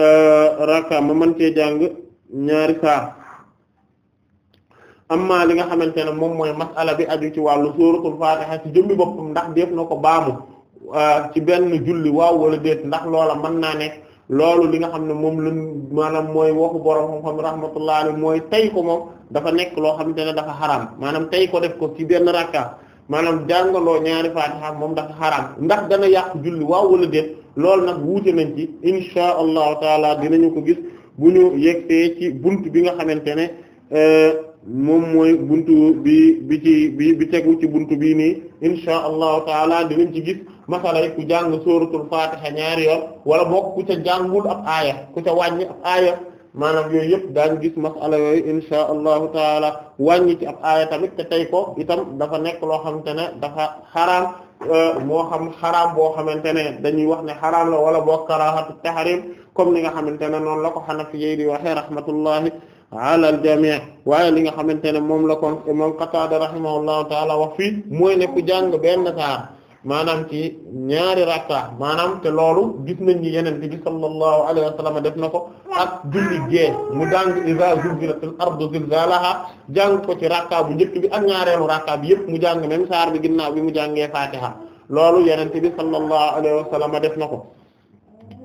euh, rakka ma mën cee jàng ñaari saar amma li nga xamante ne moom mooy masala bi aju ci wàllu sóoratul Fatiha ci jëmmi boppam ndax def na ko baamu. Euh, ci benn julli waaw wala déet ndax loola mën naa nekk loolu li nga xam ne moom lañ maanaam mooy waxu borom xam-xam rahmatullah alayhi mooy tey ko moom dafa nekk loo xamante ne dafa xaram maanaam tey ko def ko ci benn rakka maanaam jàngaloo ñaari fatiha moom dafa xaraam ndax dana yàq julli waaw wala déet lool nag wuute nañ ci insha allahu taala dinañu ko gis bu ñu yegsee ci bunt bi nga xamante ne euh, moom mooy bunt bi bi ci bi tegu ci bunt bii nii insha allahu taala dinañ ci gis masala yi ku jàng sóoratul fatiha ñaari yoon wala bokk ku ca jàngul ab aaya ku ca wàññi ab aaya maanaam yooyu yëpp daañu gis masala yooyu insha allahu taala ci ab aaya tamit te tey ko itam dafa nekk loo xamante ne dafa xaraam euh, xam xaraam boo xamante ne dañuy wax ne xaraam wala boo karaahatu tahrim comme ni nga xamante ne noonu la ko xanafi yi di waxee rahmatullahi ala al jami' waaye li nga xamante ne moom la kon imam Qatada rahimahullahu taala wax fii mooy ne ku jàng benn saar maanaam ci ñaari rakka maanaam te loolu gis nañ ni yeneen bi sallallahu alayhi wa sallam def na ko ak julli gee mu dang iza zulzilatil ardu zilzalaha jàng ko ci rakka bu njëkk bi ak ñaareelu rakka bi yëpp mu jàng même saar bi gis ginnaaw bi mu jàngee fatiha loolu yeneen bi sallallahu alayhi wa sallam def na ko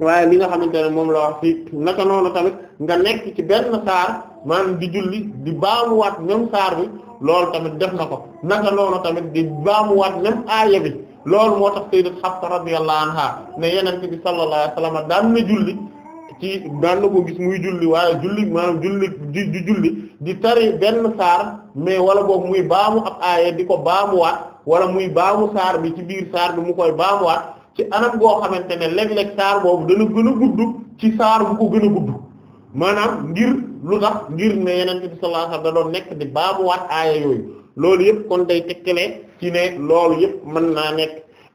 waaye li nga xamante ne moom la wax naka noonu tamit nga nekk ci benn saar maanaam di julli di baamuwaat même saar bi loolu tamit def na ko naka noonu tamit di baamuwaat même loolu moo tax sayyidat Hafsa radiyallahu anha ne yenente bi sallallahu alayhi wasallam daan na julli ci daan na ko gis muy julli waaye julli maanaam julli di julli di tari benn saar mais wala boog muy baamu ab aaya di ko baamuwaat wala muy baamu saar bi ci biir saar bi mu koy baamuwaat ci anam goo xamante ne léeg-léeg saar boobu dana gën a gudd ci saar bu ko gën a gudd maanaam ngir lu tax ngir ne yenente bi sallallahu da doon nekk di baamuwaat aaya yooyu loolu yëpp kon day tekkale ci ne loolu yëpp mën naa nekk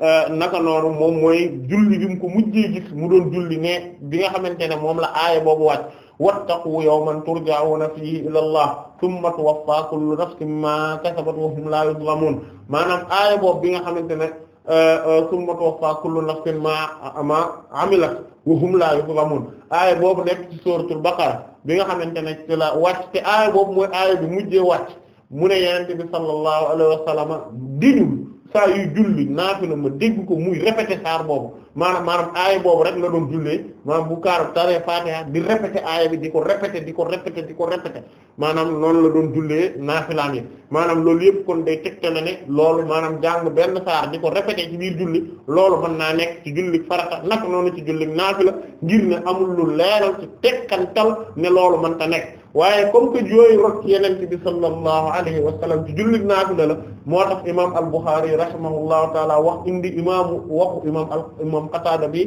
euh, naka noonu moom mooy julli bi mu ko mujjee gis mu doon julli ne bi nga xamante ne moom la aaya boobu wàcc wattaqu yawman turja'una fihi ila allah thumma tuwaffa kullu nafsin ma kasabat wa hum la yuzlamun maanaam aaya boobu bi nga xamante ne euh, euh, thumma tuwaffa kullu nafsin ma ma amilat wa la yuzlamun aaya boobu nekk ci suratul bi nga xamante ne ci la te aaya boobu mooy aaya bi mujjee wàcc mu ne yenente bi sallallahu alayhi wa sallam diñul saa yuy julli naafila ma dégg ko muy répété saar boobu maanaam maanaam aaye boobu rek la doon jullee maanaam bu kaarab taree fatiha di répété aaya bi di ko répété di ko répété di ko répété maanaam noonu la doon jullee naafilaam yi maanaam loolu yëpp kon day tegte la ne loolu maanaam jàng benn saar di ko répété ci biir julli loolu mën naa nekk ci julli farata naka noonu ci julli naafila ngir ne amul lu leeral ci tekkantal ne loolu mën ta nekk waaye comme que yooyu rot yeneen bi sallallahu alayhi wa sallam ci jullit naafila la moo tax imam al-Bukhari taala wax indi imaamu waxu imam al imam bi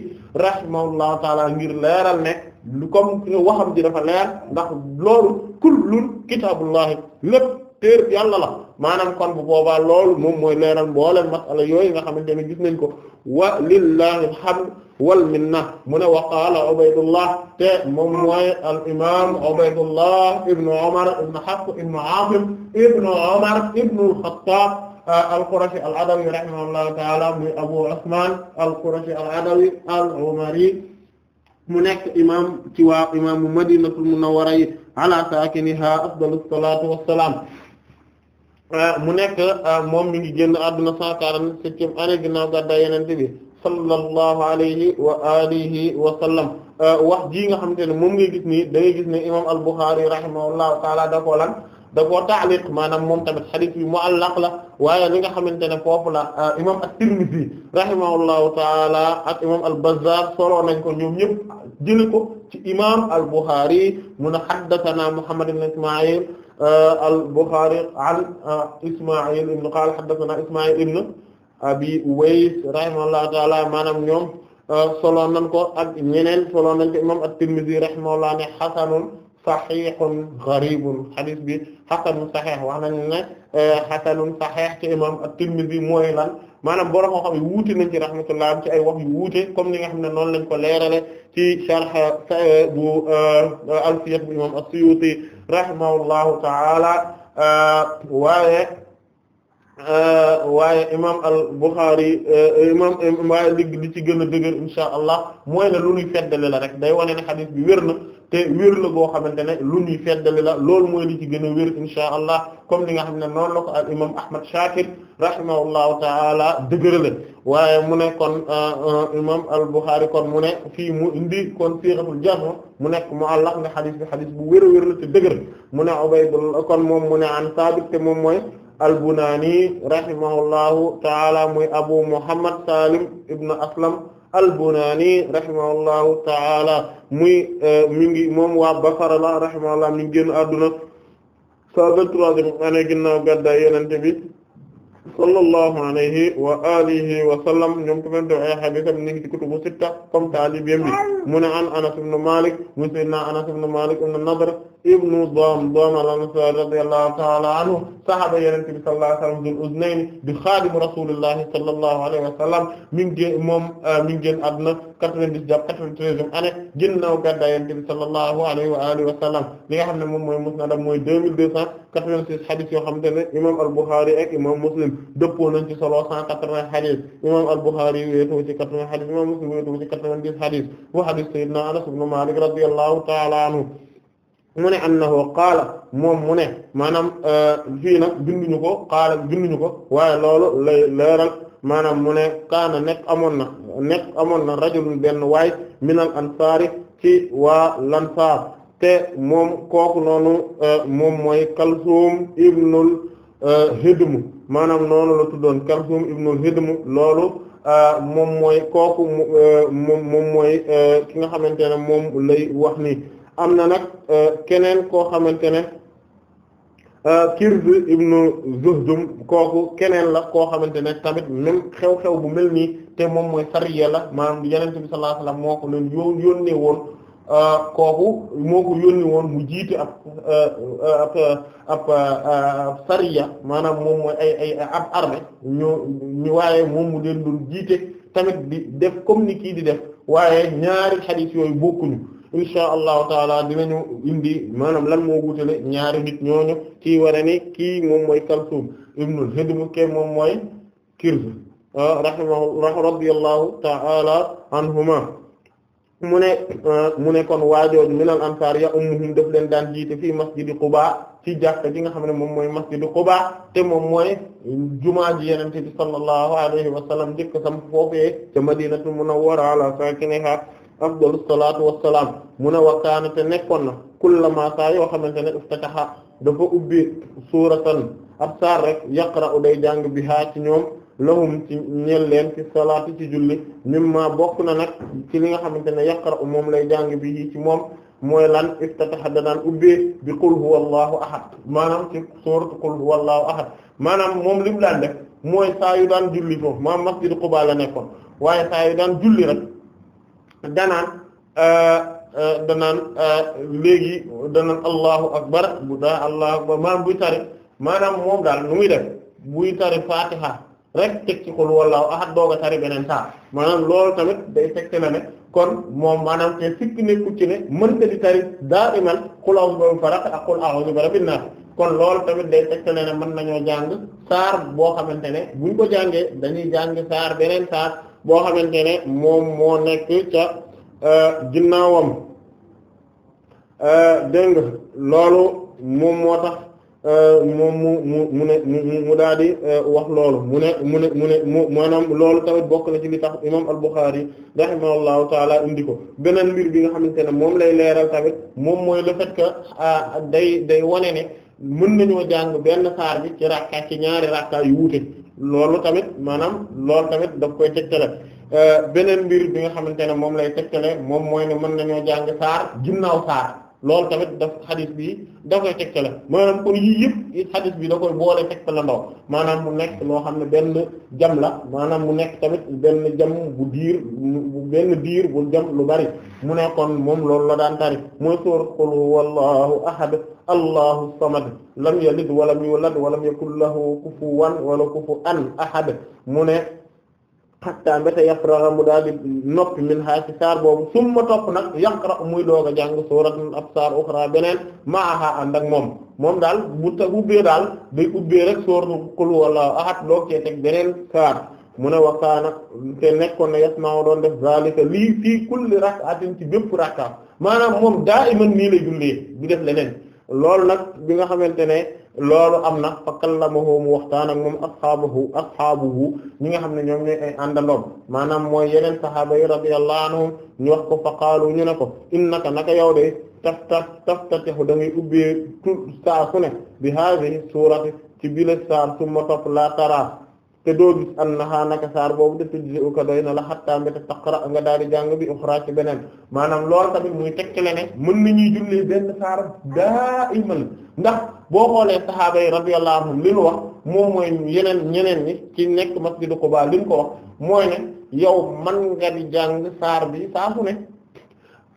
rahimahullahu taala ngir leeral ne lu comme waxam ji dafa leer ndax loolu kullun kitaabullahi lépp téer yàlla la maanaam kon bu boobaa loolu moom mooy leeral mbooleen masala yooyu nga xamante ne gis nañ ko wa lillahi alhamd wal minna mu ne wa qaala ubaydullah te moom mooy al imam ubaydullah ibnu umar ibnu hafs ibnu aasim ibnu umar ibnu al-khattab ah, al-qurashi al-adawi rahimahullahu ta'ala muy abu usman al-qurashi al-adawi al-umari mu nekk imam ci waa imaamu madinatul munawwara ala saakiniha afdalus salaatu wassalaam Euh, mu nekk euh, moom mi ngi génn àdduna cent quarante-septième année ginnaaw gàddaay yenente bi sallallahu alayhi wa alihi wa sallam euh, wax jii nga xamante ne moom ngay gis nii da gis ne imam al-Bukhari rahimahullahu taala da koo lan da koo taaliq maanaam moom tamit xadis bi muallaq la waaye li nga xamante ne foofu la imam at-Tirmidhi rahimahullahu taala ak imam al-Bazzar soloo nañ ko ñoom ñëpp jëli ko ci imam al-Bukhari mun a haddathana Muhammad ibn Isma'il al-Bukhari an Isma'il ibn qaala haddathana Isma'il ibn Abi Uways rahimahullahu ta'ala maanaam ñoom solo nañ ko ak ñeneen solo nañ ko imam at-Tirmidhi rahimahullah ne hasanun sahihun gharibun hadith bi hasanun sahih wax nañ ne hasanun sahih ci imam at-Tirmidhi mooy lan maanaam borom moo xam ne wuute nañ ci rahmatullah ci ay wax yu wuute comme ni nga xam ne noonu lañ ko leerale ci sharh euh, bu euh, al-Fiqh bu imam as-Suyuti rahimahullahu taala uh, waaye uh, waaye imam al Bukhari uh, imam waaye ligg di ci gën a dëgër insha allah mooy ne lu ñuy feddale la rek day wane ne xadis bi wér na te wér la boo xamante ne lu ñuy feddali la lool mooy li ci gën a allah comme li nga xam ne noonu la ko al imam ahmad shakir rahimahullahu taala dëgërale waaye mu ne kon euh, euh, imam al buxaari kon mu ne fii mu indi kon siixatul jarh mu nekk mu'allaq ne xadis bi xadis bu wér a wér te dëgër mu ne ubaydullah kon moom mu ne an saabit te moom mooy al-Bunaani rahimahullahu taala muy abu muhammad salim ibn aslam al-Bunani rahimahullahu ta'ala muy euh, mi ngi moom waa Basra la rahimahullah mi ngi génn àdduna cent vingt-troisième année ginnaaw gàddaay Yonent bi sallallahu alayhi wa alihi wa sallam ñoom ko fente ay haditham ñu ngi ci kutubu sitta comme taalibeem bi mu ne an Anas ibn Malik mu sayyidina Anas ibn Malik ibn Nadr ibn Damdam al-Ansari radiyallahu ta'ala anhu sahaba Yonent bi sallallahu alayhi wa sallam dul uznayn di xaadimu rasulillahi sallallahu alayhi wa sallam mi ngi moom mi ngi génn àdduna quatre-vingt-dix jàpp quatre-vingt-treizième année ginnaaw gàddaay Yonent alayhi wa alihi wa sallam li nga xam ne moom mooy musnadam mooy deux mille deux cent quatre-vingt-six xadis yoo xam te ne imam al-Bukhari ak imam Muslim dëppoo nañ ci solo cent quatre xadis imam al-Bukhari wéetoo ci quatre xadis imam Muslim wéetoo ci quatre vingt xadis wa xadis sayyidina Anas ibn Malik radiyallahu ta'ala anhu mu ne annahu qaala moom mu ne maanaam euh, fii nag binduñu ko qaala ko waaye loolu lay leeral maanaam mu ne kaana nekk amoon na nekk amoon na rajulun benn waay minal ansaari ci waa lansaar te moom kooku noonu euh, moom mooy kalsuum ibnul euh, hidm maanaam noonu la tuddoon kalsuum ibnul hidm loolu euh, moom mooy kooku moom moom mooy ki nga xamante ne moom lay wax ni am na nag keneen koo xamante ne Euh, Kirz ibn Zuhdum kooku keneen la koo xamante ne tamit même xew-xew bu mel nii te moom mooy sariya la maanaam Yonent bi sallallahu alayhi moo ko leen yoon yónnee woon euh, kooku moo mu jiite ab euh, ab ab maanaam moom mooy ay ay ab armée ñu waaye moom mu leen doon jiite tamit di def comme ni kii di def waaye ñaari xadiis yooyu bokkuñu. insha allahu taala dinañu indi maanaam lan moo wutale ñaari nit ñooñu ci wane ni kii moom mooy Kalsum ibnul Hidm ke moom mooy Kirz ah, rahimahu radiyallahu taala anhuma mu ne ah, mu ne kon waajooj minal ansaar ya ummuhum daf leen daan jiite fii masjidi Quba ci jàkka ji nga xam ne moom mooy masjidu Quba te moom mooy jumaa ji yenente bi sallallahu alayhi wa sallam jëkk sam foofee ca Madinatul Munawwara ala saakiniha afdalu salaatu wassalaam mu ne wakkaana te nekkoon na kullama saa yoo xamante ne iftataha dafa ubbi suuratan ab saar rek yaqra'u day jàng bihaa ci ñoom lahum ci ñeel leen ci salaati ci julli ma bokk na nag ci li nga xamante ne yaqra'u moom lay jàng bi ci moom mooy lan da daan ubbee bi qul huwallahu ahad maanaam ci suuratu qul huwallahu ahad maanaam moom li mu daan def mooy saa yu daan julli foofu maanaam masjid Quba la nekkoon waaye saa yu daan julli danaan euh, euh, danaan euh, léegi danaan allahu akbar bu daa allahu akbar maanaam buy tari maanaam moom daal nu muy def buy tari fatiha rek teg ci xul wallaahu ahad doog a tari beneen saa maanaam lool tamit day tegte la ne kon moom maanaam te sikk nekku ci ne mënta di tari daa iman xul a'uuzu bi rabbil falaq ak xul a'uuzu bi rabbin kon lool tamit day tegte la ne mën nañoo jàng saar boo xamante ne buñ ko jàngee dañuy jàng saar beneen saar boo xamante ne moom moo nekk ca euh, ginnaawam euh, dégg nga loolu moom moo tax euh, moom mu mu mu ne daal di wax loolu mu ne mu ne mu ne mu maanaam loolu tamit bokk na ci li tax imam al-Bukhari rahimahullahu taala indi ko beneen mbir bi nga xamante ne moom lay leeral tamit moom mooy le fait que day day wane ne mën nañoo jàng benn saar bi ci rakka ci ñaari rakka yu wuute loolu tamit maanaam loolu tamit daf koy tegtale euh, beneen mbir bi nga xamante ne moom lay tegtale moom mooy ne mën nañoo jàng saar ginnaaw saar loolu tamit daf xadis bi da koy tegtale maanaam kon yii yëpp xadis bi da koy boole tegtale ndaw maanaam mu nekk loo xam ne benn jam la maanaam mu nekk tamit benn jam bu diir benn diir bu jam lu bari mu ne kon moom loolu la daan tari mooy sóor qul wallahu ahad allahu samad lam yalid walam yulad walam yakul lahu kufuwan wala kufuwan ahad mu ne xattaa mbéta yafraa mu daal di noppi min haa ci saar boobu summa topp nag yaqra muy doog a jàng suuratan ab saar uxra beneen maaha ànd ak moom moom daal bu ta ubbee daal day ubbee rek sooratu qul huwallaahu ahad doog cee teg beneen saar mu ne wakaana te nekkoon na yasma'u doon def a lii fii kulli rak'atin ci bépp rakka maanaam moom daa'iman nii lay jullee du def leneen loolu nag bi nga xamante ne loolu am na fa kallamahu mu waxtaan ak moom asxaabahu asxaabuhu ñi nga xam ne ñoom ñooy ay àndandoom maanaam mooy yeneen saxaaba yi radiyallahu anhum ñu wax ko fa qaalu ñu ne ko innaka naka yow de taf taf taftatihu da ngay ubbee tu saa ne bi haadihi suurati ci bile saar summa topp laa tara te doo gis annaha naka saar boobu de tujzi uka doy na la xattaa mbéta taqra nga daal di jàng bi uxra ci beneen maanaam loolu tamit muy tegtale ne mën nañuy jullee benn saar daa imal ndax boo xoolee sahaaba yi radiyallahu anhum li nu wax moom mooy yeneen ñeneen ñi ci nekk masjidu Quba li ñu ko wax mooy ne yow man nga di jàng saar bi saa su ne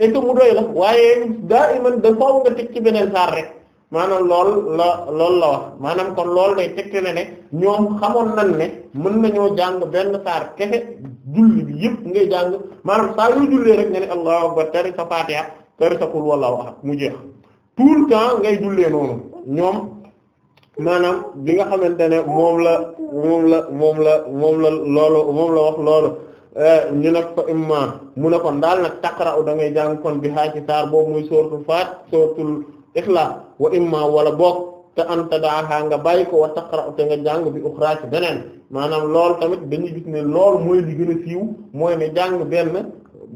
et que mu doy la waaye daa imal da faaw nga teg ci beneen saar rek maanaam lool la loolu la wax maanaam kon loolu day tegtale ne ñoom xamoon nañ ne mën nañoo jàng benn saar kese julli bi yëpp ngay jàng maanaam saa yu jullee rek nga ne mu jeex tout le temps ngay jullee noonu ñoom maanaam bi nga xamante ne moom la moom la moom la moom la loolu moom la wax loolu eh, ñu ne ko imma mu ne kon daal nag taqra'u da ngay jàng kon bi xaa ci saar boobu muy suratul faat suratul ixlaas wa imma wala boog te an tadaaha nga bàyyi ko wa taqra te nga jàng bi uxraa ci beneen maanaam lool tamit dañuy gis ne lool mooy li gën a siiw mooy ne jàng benn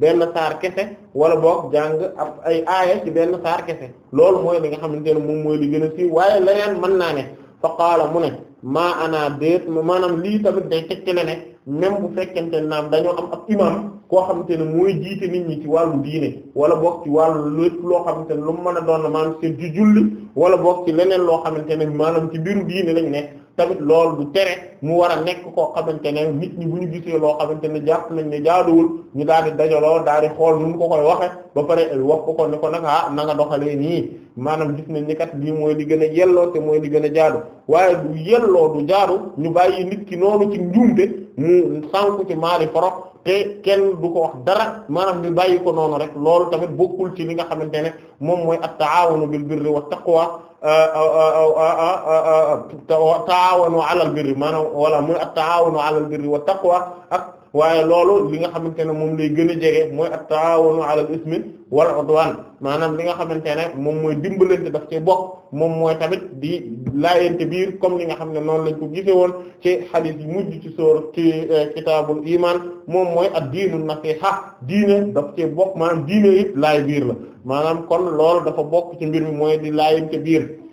benn saar kese wala boog jàng ab ay aaya ci benn saar kese loolu mooy li nga xamante ne moom mooy li gën a siiw waaye leneen mën naa ne fa qaala mu ne maa ana déet maanaam lii tamit day tegtale ne même bu fekkente naam dañoo am ab imam koo xamante ne mooy jiite nit ñi ci wàllu diine wala boog ci wàllu lépp loo xamante ne lu mu mën a doon maanaam seen ci julli wala boog ci leneen loo xamante ne maanaam ci mbiru diine lañ ne tamit lool du tere mu war a nekk ko xamante ne nit ñi bu ñu gisee loo xamante ne jàpp nañ ne jaaduwul ñu daal di dajaloo daal di xool nu mu ko koy waxe ba pare wax ko ko ne ko nag ah na doxalee nii maanaam gis nañ ni kat lii mooy li gën a yelloo te mooy li gën a jaadu waaye du yelloo du jaadu ñu bàyyi nit ki noonu ci njuumte mu sànku ci maari foro te kenn du ko wax dara maanaam ñu bàyyi ko noonu rek loolu tamit bokkul ci li nga xamante ne moom mooy a taawunu bil birri wat taqwa euh, euh, euh, taawanu alal birri maanaam wala muy at-taawanu alal birri wat taqwa ak waaye loolu li nga xamante ne moom lay gën a jege mooy at-taawunu alal ismi wal udwan maanaam li nga xamante ne moom mooy dimbalante daf ci bokk moom mooy tamit di laayante biir comme li nga xam ne noonu lañ ko gisee woon ci hadith yi mujj ci sóor ci eh, kitaabul iman moom mooy at diinu nasiha diine daf ci bokk maanaam diine it laay biir la maanaam kon loolu dafa bokk ci mbir mi mooy di laayante biir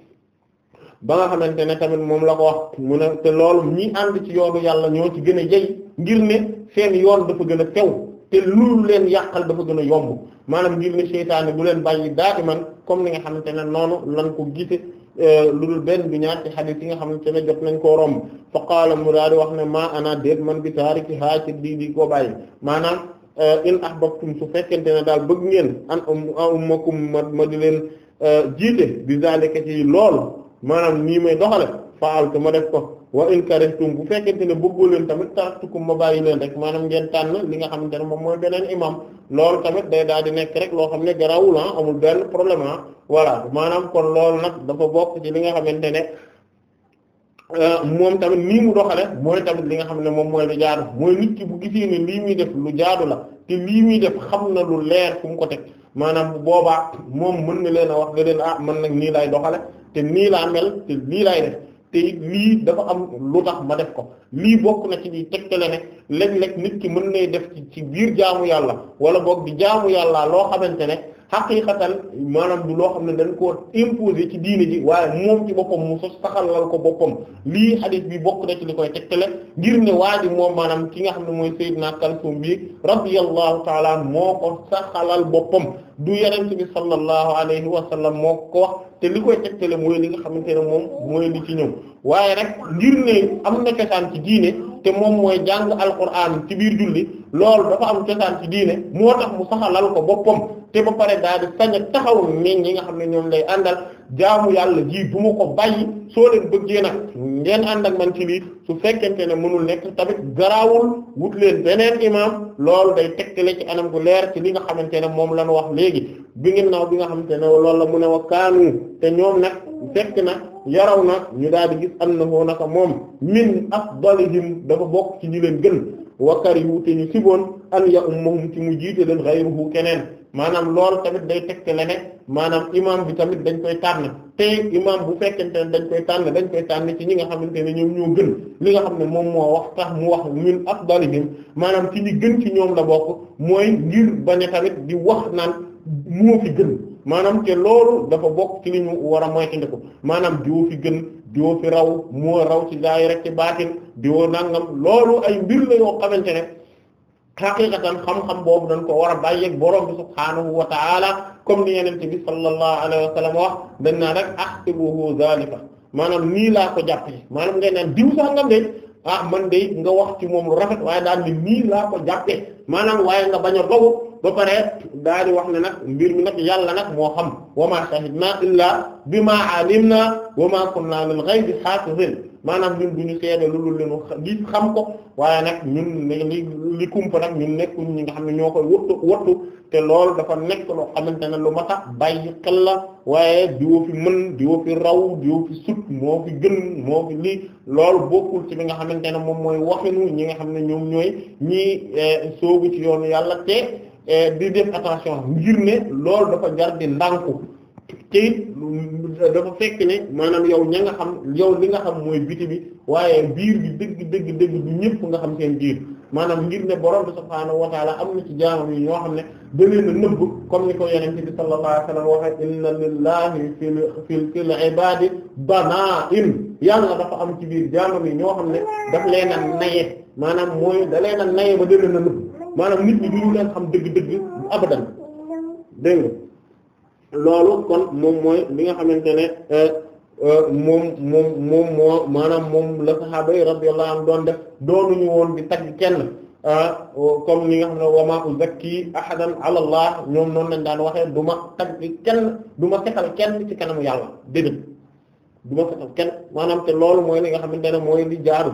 ba nga xamante ne tamit moom la ko wax mu ne te loolu ñi ànd ci yoonu yàlla ñoo ci gën a yey ngir ne seen yoon dafa gën a tew te lu leen yàqal dafa gën a yomb maanaam ngir ne seytaane du leen bàyyi daati man comme ni nga xamante ne noonu lan ko gise euh, lu dul benn du ñaar ci xadis nga xamante ne jot nañ koo romb fa mu daal wax ne maa ana déet man bi taariki haa ci di di ko bàyyi maanaam euh, in ahbabtum su fekkente ne daal bëgg ngeen an um, ummakum ma ma di leen euh, jiite bi zalika ci loolu maanaam nii may doxale faaltu ma def ko wa in karihtum bu fekkente ne bëggu leen tamit taraktukum ma bàyyi leen rek maanaam ngeen tànn li nga xamante ne moom mooy beneen imam loolu tamit daal di nekk rek loo xam ne garawul ah amul benn problème ah maanaam kon loolu nag dafa bokk li nga xamante ne euh, moom tamit nii mu doxale mooy tamit li nga xam ne moom mooy lu jaadu mooy nit ki bu gisee ne lii muy def lu jaadu la te lii muy def xam na lu leer fu mu ko teg maanaam bu boobaa moom mën na leen a wax nga leen ah mën nag nii lay doxale te nii laa mel te nii laay def te lii dafa am lu tax ma def ko lii bokk na ci di tegtale ne léeg-léeg nit ki mën nay def ci ci biir jaamu yàlla wala boog di jaamu yàlla loo xamante ne xaqiiqatan maanaam du loo xam ne dañ koo imposer ci diine ji waaye moom ci boppam mu sos saxalal ko boppam lii hadith bi bokk na ci li koy tegtale ngir ne waa ji moom maanaam ki nga xam ne mooy Seydina Kalsum bi radiyallahu taala moo ko saxalal boppam du yenent bi sallallahu alayhi wa sallam moo ko wax te li koy tegtale mooy li nga xamante ne moom mooy li ci ñëw waaye rek ngir ne am na cosaan ci diine te moom mooy jàng alquran ci biir julli loolu dafa am cosaan ci diine moo tax mu saxalal ko boppam te ba pare daal di sañ taxaw nit ñi nga xam ne ñoom lay àndal jaamu yàlla jii bu ma ko bàyyi soo leen bëggee nag ngeen ànd ak man ci lii su fekkente ne mënul nekk tamit garaawul wut leen beneen imaam loolu day tegtale ci anam gu leer ci li nga xamante ne moom lanu wax léegi bi ngeen naaw bi nga xamante ne loolu la mu ne wa kaanu te ñoom nag fekk na. yaraw na ñu daal di gis annahu naka moom min afdalihim dafa bokk ci ñi leen gën wakar yu te ñu siboon an ya ummahum ci mu jiite leen bu keneen maanaam lool tamit day tegtale ne maanaam imam bi tamit dañ koy tànn te imam bu fekkente ne dañ koy tànn dañ koy tànn ci ñi nga xamante ne ñoom ñoo gën li nga xam ne moom moo wax tax mu wax min afdalihim maanaam ci ñi gën ci ñoom la bokk mooy ngir bañ tamit di wax naan moo fi gën maanaam te loolu dafa bokk ci li ñu war a ko maanaam diw fi gën diw fi raw moo raw ci gaa yi rek ci baatin di woo nangam loolu ay mbir la yoo xamante ne xaqiqatan xam-xam boobu dañ ko war a bàyyeeg borom bi subhaanahu wa ta'ala comme ni yenente bi sallallahu alayhi wa sallam wax dañ rek ahsibuhu zalika maanaam nii laa ko jàpp ci maanaam ngay naan diw sangam ah man de nga wax ci moom lu rafet waaye daal ni nii laa ko jàppee maanaam waaye nga bañ a ba pare daal di wax ne nag mbir mi nag yàlla nag moo xam wa ma shahidna illaa bima alimna wa ma kunna lil ghaibi hafizin maanaam ñun du ñu seede lu lu leen gis xam ko waaye nag ñun li li kumpa nag ñun nekkul ñi nga xam ne ñoo koy wattu wattu te loolu dafa nekk loo ne lu ma tax bàyyi xel la waaye diwoo mën diwoo raw diwoo fi sut moo fi ci li nga xamante ne moom mooy waxinu ñi nga xam ne ñoom ñooy ñii eh, soobu ci yoonu yàlla te E, di def attention ngir ne loolu dafa jar di ndànku te dafa fekk ne maanaam yow ña nga xam yow li nga xam mooy biti bi waaye biir bi dëgg dëgg dëgg du ñëpp nga xam seen biir maanaam ngir ne borom bi subhaanahu wa taala am na ci jaamam yi ñoo xam ne da comme ni ko yonent bi sallallahu alayhi wa sallam waxe inna lillahi fil fil fil ibadi bana'im yàlla dafa am ci biir jaamam yi ñoo xam ne daf leen a naye maanaam mooy da na a naye ba da leen maanaam nit ñi du ñu leen xam dëgg-dëgg abadan dégg nga loolu kon moom mooy li nga xamante ne euh, euh, moom moom moom moo maanaam moom la sahaaba yi radiyallahu anhum doon def doonuñu woon di tagg kenn ah, comme ni nga xam ne wama uzakki ahadan ala allah ñoom noonu lañ daan waxee du ma tagg kenn du ma setal kenn ci kanamu yàlla déedéet du ma setal kenn maanaam te loolu mooy li nga xamante ne mooy li jaaru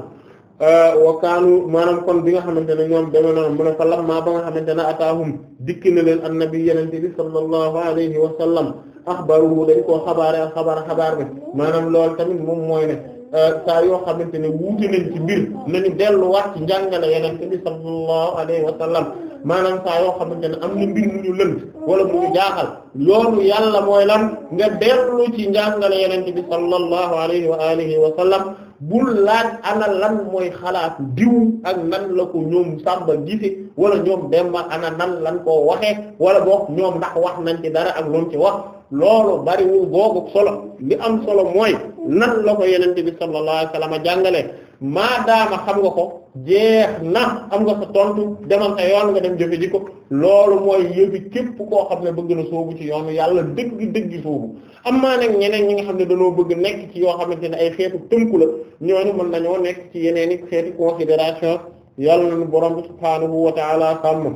Euh, wa kaanu maanaam kon bi nga xamante ne ñoom deme noonu mu ne fa nga xamante ne ataahum dikki na leen annabi yenente bi sallallahu alayhi wa sallam axbaruhu dañ koo xabaare ak xabaar xabaar bi maanaam loolu tamit moom mooy ne euh, yoo xamante ne wuute nañ ci mbir nañu delluwaat ci njàngale yenente sallallahu alayhi wa sallam maanaam sa yoo xamante ne am na mbir mu ñu lënt wala mu ñu jaaxal yoonu yàlla mooy lan nga dellu ci njàngale yenente sallallahu alayhi wa alihi wa sallam bu laaj ana lan mooy xalaat diw ak nan la ko ñoom sàmba gise wala ñoom demma ana nan lan ko waxe wala boog ñoom ndax wax nañ ci dara ak loom ci wax loolu bariwul googu solo li am solo mooy nan la ko yenente bi sallallahu alayhi wasallam jàngale maadaama xam nga ko jeex na am nga sa tontu demal sa yoon nga dem jëfe ji ko loolu mooy yëfi képp koo xam ne bëgg na soobu ci yoonu yàlla dëgg dëgg soobu am maa nag ñeneen ñi nga xam ne dañoo bëgg nekk ci yoo xamante ne ay xeetu tënku la ñooñu mën nañoo nekk ci yeneen i xeeti considération yàlla nañu borom bi subhaanahu wa ta'ala sàmm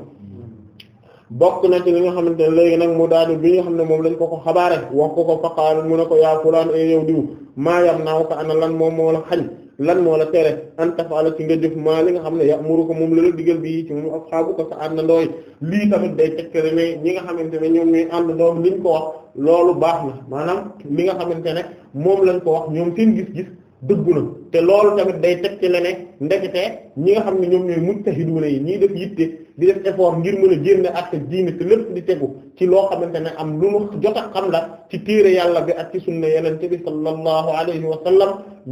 bokk na ci li nga xamante ne léegi nag mu daal bi nga xam ne moom lañ ko ko xabaare wax ko ko faqaal mu ne ko yaa fulaan e yow diw maa yam naaw ko ana lan moom moo la xañ lan moo la tere an tafaala ci nga jëf maa li nga xam ne ya'muru ko moom la la bi bii ci moom asxaabu ko sa àndandoo yi lii tamit day tekkale ne ñi nga xamante ne ñoom ñooy àndandoo liñ ko wax loolu baax na maanaam li nga xamante ne moom lañ ko wax ñoom seen gis-gis dëggu te loolu tamit day tekkale ne ndekete ñi nga xam ne ñoom ñooy mujtahiduuna yi ñii def yitte bi def effort ngir mën a génne ak diine te lépp di tegu ci loo xamante ne am lu mu jot a xam la ci téere yàlla bi ak ci sunna yenente bi sallallahu alayhi wa sallam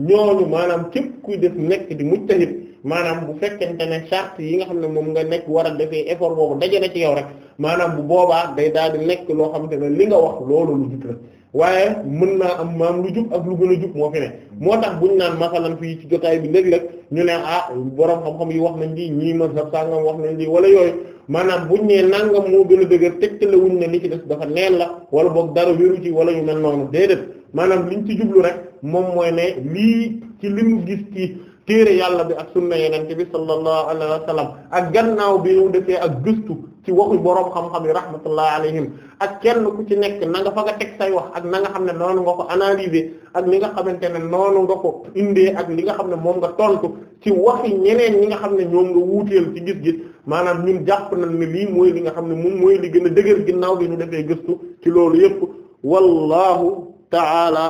ñooñu maanaam képp kuy def nekk di mujtahid maanaam bu fekkente ne charte yi nga xam ne moom nga nekk war a defee effort boobu daje ci yow rek maanaam bu boobaa day daal di nekk loo xamante ne li nga wax loolu lu jut la waaye mën naa am maam lu jub ak lu gën a jub moo fi ne moo tax buñ naan masalan fii ci jotaay bi léeg-léeg ñu ne ah borom xam-xam yi wax nañ lii ñii ma sax sàngam wax nañ lii wala yooyu maanaam buñ nee nangam moo gën a dëgër wuñ ne li ci des dafa neen la wala boog dara wéru ci wala ñu mel noonu déedéet maanaam ñu ci jublu rek moom mooy ne lii ci li mu gis ci téere yàlla bi ak sunna yenente bi sallallahu alayhi wa sallam ak gannaaw bi ñu defee ak gëstu ci waxu boroom xam-xam yi rahmatullahi alayhim ak kenn ku ci nekk na nga fa nga teg say wax ak nanga xam ne noonu nga ko analyser ak li nga xamante ne noonu nga ko indee ak li nga xam ne moom nga tontu ci waxi ñeneen ñi nga xam ne ñoom nga wuuteel ci gis-gis maanaam ñun jàpp nañ ne lii mooy li nga xam ne moom mooy li gën a dëgër ginnaaw bi nu defee gëstu ci loolu yépp wallahu ta'ala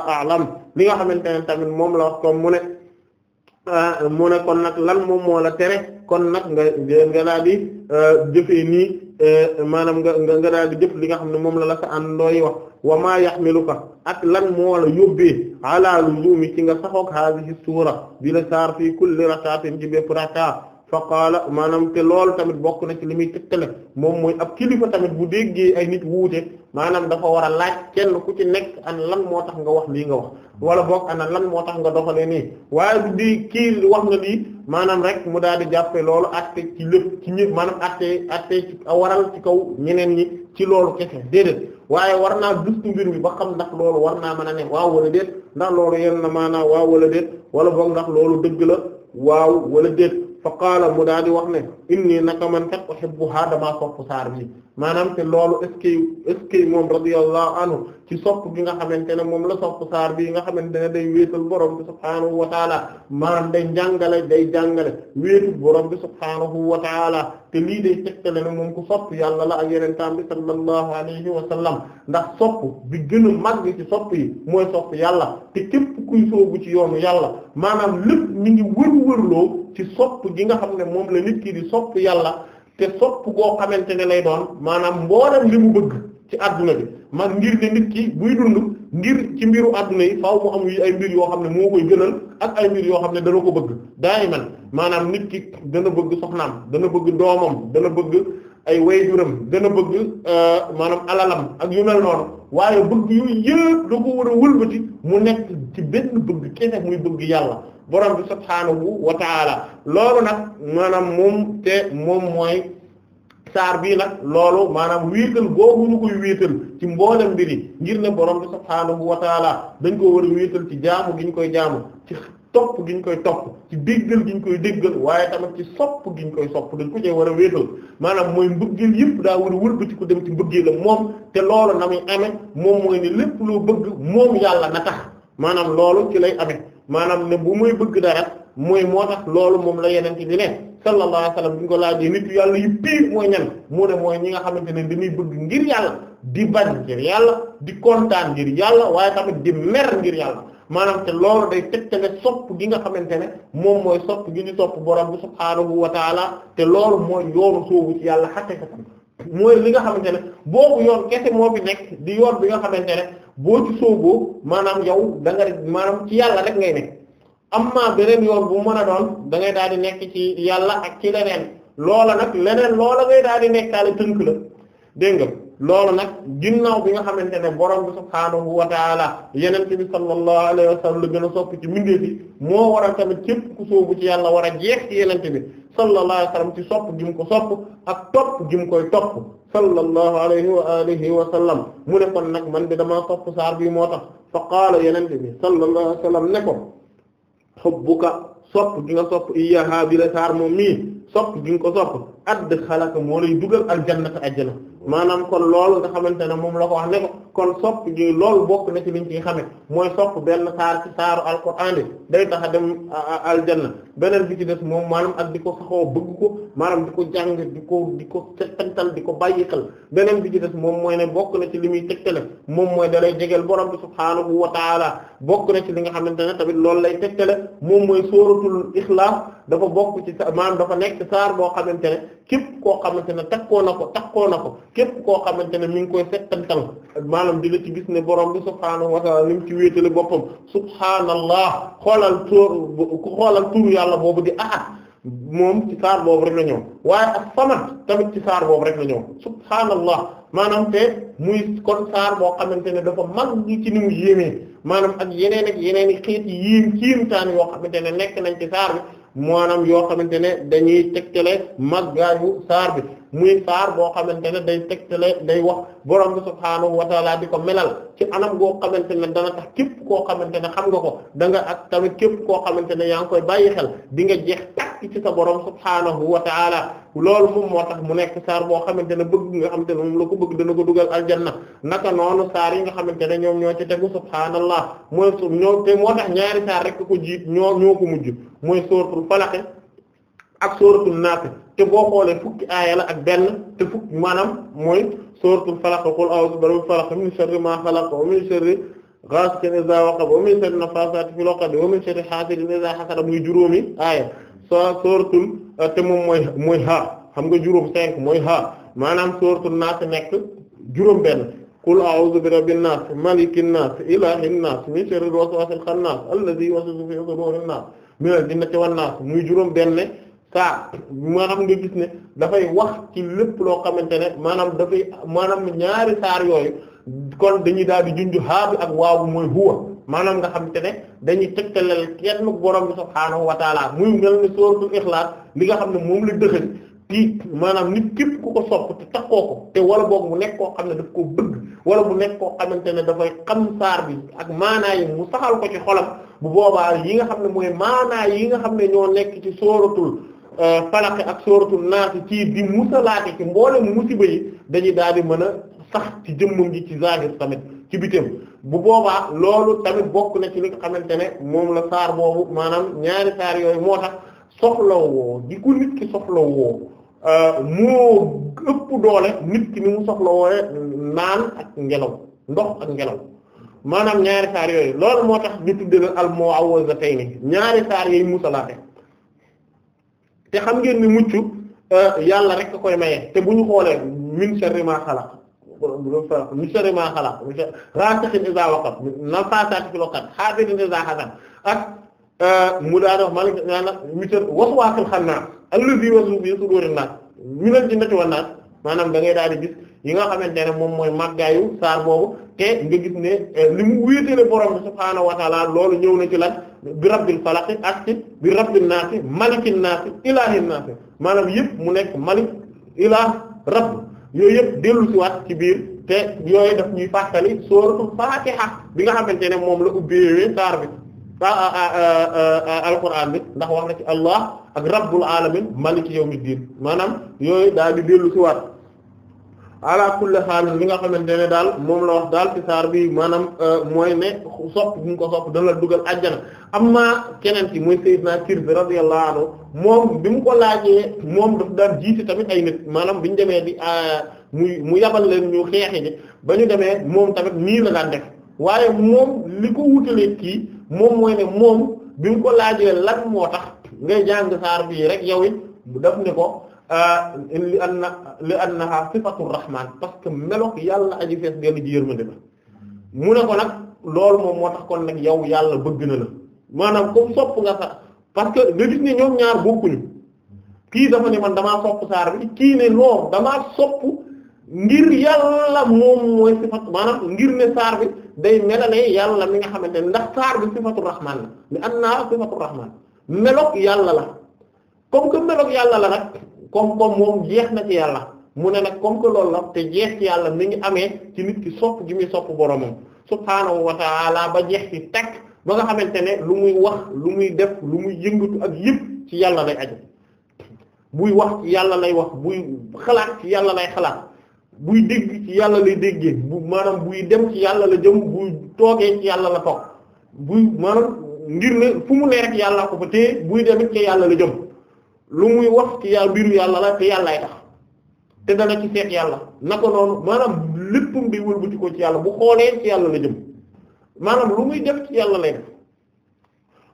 la wax comme mu Ah, mu ne kon nag lan moom moo la tere kon nag nga nga daal di ah, jëfee nii eh, maanaam nga nga nga daal di jëf li nga xam ne moom la la sa àndooy wax wa maa yahmiluka ak lan moo la yóbbee ala luzumi ci nga saxoog haadihi suura bi la saar fii kulli rak'atin ci bépp rak'a fa qaala maanaam te loolu tamit bokk na ci li muy tëkkale moom mooy ab kilifa tamit bu déggee ay nit wuute maanaam dafa war a laaj kenn ku ci nekk ana lan moo tax nga wax lii nga wax wala boog ana lan moo tax nga doxalee nii waaye du kii wax na lii maanaam rek mu daal di jàppe loolu atte ci lépp ci ñëpp maanaam atte ci kaw ñeneen ñi ci loolu kese déedéet waaye war naa dustu mbir mi ba xam ndax loolu a ne waaw wala déet ndax loolu waaw wala déet wala ndax loolu dëgg la waaw wala déet fa qaala mu daal di wax ne inni naka man kat uhibbuha damaa sopp saar bi maanaam te loolu est-ce que est-ce que moom radiyallahu anhu ci sopp gi nga xamante ne moom la sopp saar bi nga xamante ne day wéetal borom bi subhaanahu wa taala maanaam day njàngale day jàngale wéetu borom bi subhaanahu wa taala te lii day tegtale ne moom ku sopp yàlla la ak yenentaan bi sallallahu alayhi wa sallam ndax sopp bi gën a màgg ci sopp yi mooy sopp yàlla te képp kuy soobu ci yoonu yàlla maanaam lépp mi ngi wër-wërloo ci sopp gi nga xam ne moom la nit ki di sopp yàlla te sopp goo xamante ne lay doon maanaam mboolem li mu bëgg ci adduna bi man ngir ne nit ki buy dund ngir ci mbiru àdduna yi faaw mu am ay mbir yoo xam ne moo koy gënal ak ay mbir yoo xam ne dana ko bëgg daay man maanaam nit ki dana bëgg soxnaam dana bëgg doomam dana bëgg ay wayjuram dana bëgg euh, maanaam alalam ak yu mel noonu waaye bëgg yooyu yëpp da ko war a wëlbati mu nekk ci benn bëgg kese muy bëgg yàlla borom bi subhaanahu wa taala loolu nag maanaam moom te moom mooy saar bii nag loolu maanaam wiital googu ñu koy wiital ci mboolem mbiri ngir ne borom bi subhaanahu wa taala dañ ko war a wiital ci jaamu gi ñu koy jaamu ci topp gi ñu koy topp ci déggal gi ñu koy déggal waaye tamit ci sopp gi ñu koy sopp dañ ko cee war a wéetal maanaam mooy mbëggeel yëpp daa war a wëlbati ko dem ci la moom te loolu nag muy amee moom mooy ne lépp loo bëgg moom yàlla na maanaam loolu ci lay amee maanaam ne bu muy bëgg dara mooy moo tax loolu moom la yeneen ci bi ne sallallahu alayhi wasallam bi ñu ko laajee yàlla yu piir mooy ñan mu ne mooy ñi nga xamante ne di dañuy bëgg ngir yàlla di bañ ngir yàlla di kontaan ngir yàlla waaye tamit di mer ngir yàlla maanaam te loolu day tegtale sopp gi nga xamante ne moom mooy sopp gi ñu sopp bu bi subhaanahu wa taala te loolu mooy yoonu soobu ci yàlla xaqiqatan mooy li nga xamante ne boobu yoon kese moo fi nekk di yoon bi nga xamante ne boo ci sooboo maanaam yow da nga maanaam ci yàlla rek ngay ne amma beneen yoon bu mën a doon da ngay daal di nekk ci yàlla ak ci leneen loola nag leneen loola ngay daal di nekkaale tënk la dégg nga loolu nag ginnaaw bi nga xamante ne borom bi subhaanahu wa taala yeneen bi sallallahu alayhi wa sallam la gën a sopp ci mbindeef yi moo waral tamit képp ku sóobu ci a jeex ci yeneen bi sallallahu alayhi wa sallam ci sopp gi ko sopp ak topp gi mu koy topp sallallahu alayhi wa alihi sallam mu nekkoon nag man de damaa sopp saar bi moo tax fa qaala yeneen bi sallallahu alayhi wa sallam ne ko hubbuka sopp gi nga sopp iyyaha bi saar moom mii sopp gi nga ko sopp add xalaka moo lay dugal aljannata ajjana maanaam kon loolu nga xamante ne moom la ko wax ne ko kon sopp gi loolu bokk na ci liñ ciy xame mooy sopp benn saar ci saaru day tax a dem beneen bi ci des moom maanaam ak di ko saxoo bëgg ko maanaam ko jàng di ko di ko settantal di ko bàyyi beneen bi moom mooy ne bokk na ci li muy tegtale moom mooy dalay jegeel borom bi subhaanahu wa taala bokk na ci li nga xamante ne tamit loolu lay tegtale moom mooy sóoratul ixlaas dafa bokk ci maanaam dafa nekk saar boo xamante ne képp koo xamante ne takkoo na ko takkoo na ko képp koo xamante ne mi ngi koy settantal maanaam di la ci gis ne borom bi subhaanahu wa ta'ala ni mu ci wéetale boppam subhaanallah xoolal tur xoolal tur yàlla boobu di ahad moom ci saar boobu rek na ñëw waaye as-samad ci saar boobu rek la ñëw subhaanallah maanaam te muy kon saar boo xamante ne dafa mag ci ni mu yéemee maanaam ak yeneen ak yeneen i xeet yi yéem ciim taan yoo xamante ne nekk nañ ci saar bi maanaam yoo xamante ne dañuy mag gaa màggaayu saar bi muy saar boo xamante ne day tegtale day wax borom bi subhaanahu wa taala di ko melal ci anam goo xamante ne dana tax képp koo xamante ne xam nga ko da nga ak tamit képp koo xamante ne yaa ngi koy bàyyi xel di nga jeex àgg ci sa borom subhaanahu wa taala loolu moom moo tax mu nekk saar boo xamante ne bëgg nga xamante ne moom la ko bëgg dana ko dugal aljanna naka noonu saar yi nga xamante ne ñoom ñoo ci tegu subhaanallah mooy su moo tax ñaari saar rek ko jiit ñoo ñoo ko mujj mooy sóoratul falaq ak sóoratul naas te boo xoolee fukki aaya la ak benn te fukki maanaam mooy sóoratul falaq qul a'uuzu bi rabbil falaq min sharri maa xalaq wa min sharri ghasiqin idha waqab wa min sharri naffaasati fil 'uqad soit sóoratul euh, te moom mooy mooy ha xam nga juróom cinq mooy ha maanaam sóoratul naas nekk juróom benn qul a'udhu bi rabbin nas malikin nas ilahin nas min sharril waswasil khannas alladhi yuwaswisu fi sudurin nas minal jinnati muy juróom benn saa maanaam nga gis ne dafay wax ci lépp loo xamante ne maanaam dafay maanaam ñaari saar yooyu kon dañuy daal di junj haa bi ak waaw mooy huwa maanaam nga xam te ne dañuy tëgtalal kenn borom bi subhaanahu wa taala muy mel ni sóoratul ixlaas li nga xam ne moom la dëxëñ ci maanaam nit képp ku ko sopp te takkoo ko te wala boog mu nekk koo xam ne daf wala mu nekk koo xamante ne dafay xam saar bi ak maanaa yi mu saxal ko ci xolam bu boobaa yi nga xam ne mooy maanaa yi nga xam ne ñoo nekk ci sóoratul euh, falaq ak sóoratul naas ci di musalaate ci mboolem musiba yi dañuy daal di mën a sax ci jëmmam ji ci zahir tamit ci bitam bu boobaa loolu tamit bokk na ci nit nga xamante ne moom la saar boobu maanaam ñaari saar yooyu moo tax soxlawoo di ko nit ki soxlawoo euh, moo ëpp doole nit ki ni mu soxlawoo naan ak ngelaw ndox ak ngelaw maanaam ñaari saar yooyu loolu moo tax ñu tuddee al mu'awwazatayni ñaari saar yooyu musalaate te xam ngeen ni mucc euh, yàlla rek a koy maye te bu ñu xoolee min sharri ma xalaq misra ma xalaq raasixin iza waqab nafaasaati fil uqad haafidin iza hasad ak mu daa dox malik maanaam misra waswaasul xannaas allazi yuwaswisu fi suduurin naas minal jinnati wan naas maanaam da ngay daal di yi nga xamante ne moom mooy màggaayu saar boobu te nga gis ne li mu wéetale borom bi subhaanahu wa loolu ñëw na ci lan bi rabbil falaq ak ci bi rabbin naas malikin naas ilaahin naas maanaam yëpp mu nekk malik ilaah rabb yooyu yëpp dellu si waat ci biir te yooyu daf ñuy fàttali sóoratul Fatiha bi nga xamante ne moom la ubbeewee saar bi alquran bi ndax wax na ci Allah ak rabbul alamin maliki yawmiddin maanaam yooyu daal di dellu si waat ala kulli xaalin li nga xamante ne daal moom la wax daal ci saar bii maanaam euh, mooy ne sopp bu ñu ko sopp dana la dugal àjjana amma keneen ci mooy Seydina Kirbi radiyallahu anhu moom bi mu ko laajee moom daf daan jiite tamit ay nit maanaam bi ñu demee di euh, muy mu yabal leen ñu xeexe ba ñu demee moom tamit nii la daan def waaye moom li ko wutalee kii moom mooy ne moom bi mu ko laajee lan moo tax ngay jàng saar bii rek yow it daf ko Euh, li anna li annaha sifatu rahman parce que melok yàlla aji fees dellu ji yërmande la mu ne ko nag loolu moom moo tax kon nag yow yàlla bëgg na la maanaam comme sopp nga parce que ñaar bokkuñu kii dafa ne man damaa saar bi kii ne lool damaa sopp ngir yàlla moom mooy sifatu maanaam ngir ne saar bi day melale yàlla mi nga xamante ne ndax saar bi sifatu rahman la li annaha sifatu melok yàlla la comme que melok yàlla la nag comme comme moom jeex na ci yàlla mu ne nag comme que loolu la te jeex ci yàlla mi amee ci nit ki sopp gi muy sopp boromam subhaanahu wa taala ba jeex ci takk ba nga xamante ne lu muy wax lu muy def lu muy yëngatu ak yëpp yàlla lay buy wax yàlla lay wax buy xalaat yàlla lay xalaat buy dégg ci yàlla lay déggee bu maanaam buy dem yàlla la jëm buy toogee yàlla la toog buy maanaam ngir ne fu mu ne rek yàlla ko fa téye buy demit ci yàlla la jëm lu muy wax ci yàlla mbiru yàlla la te yàllaay tax te dana ci seet yàlla naka noonu maanaam léppam day wëlbati ko ci yàlla bu xoolee ci yàlla la jëm maanaam lu muy def ci yàlla lay def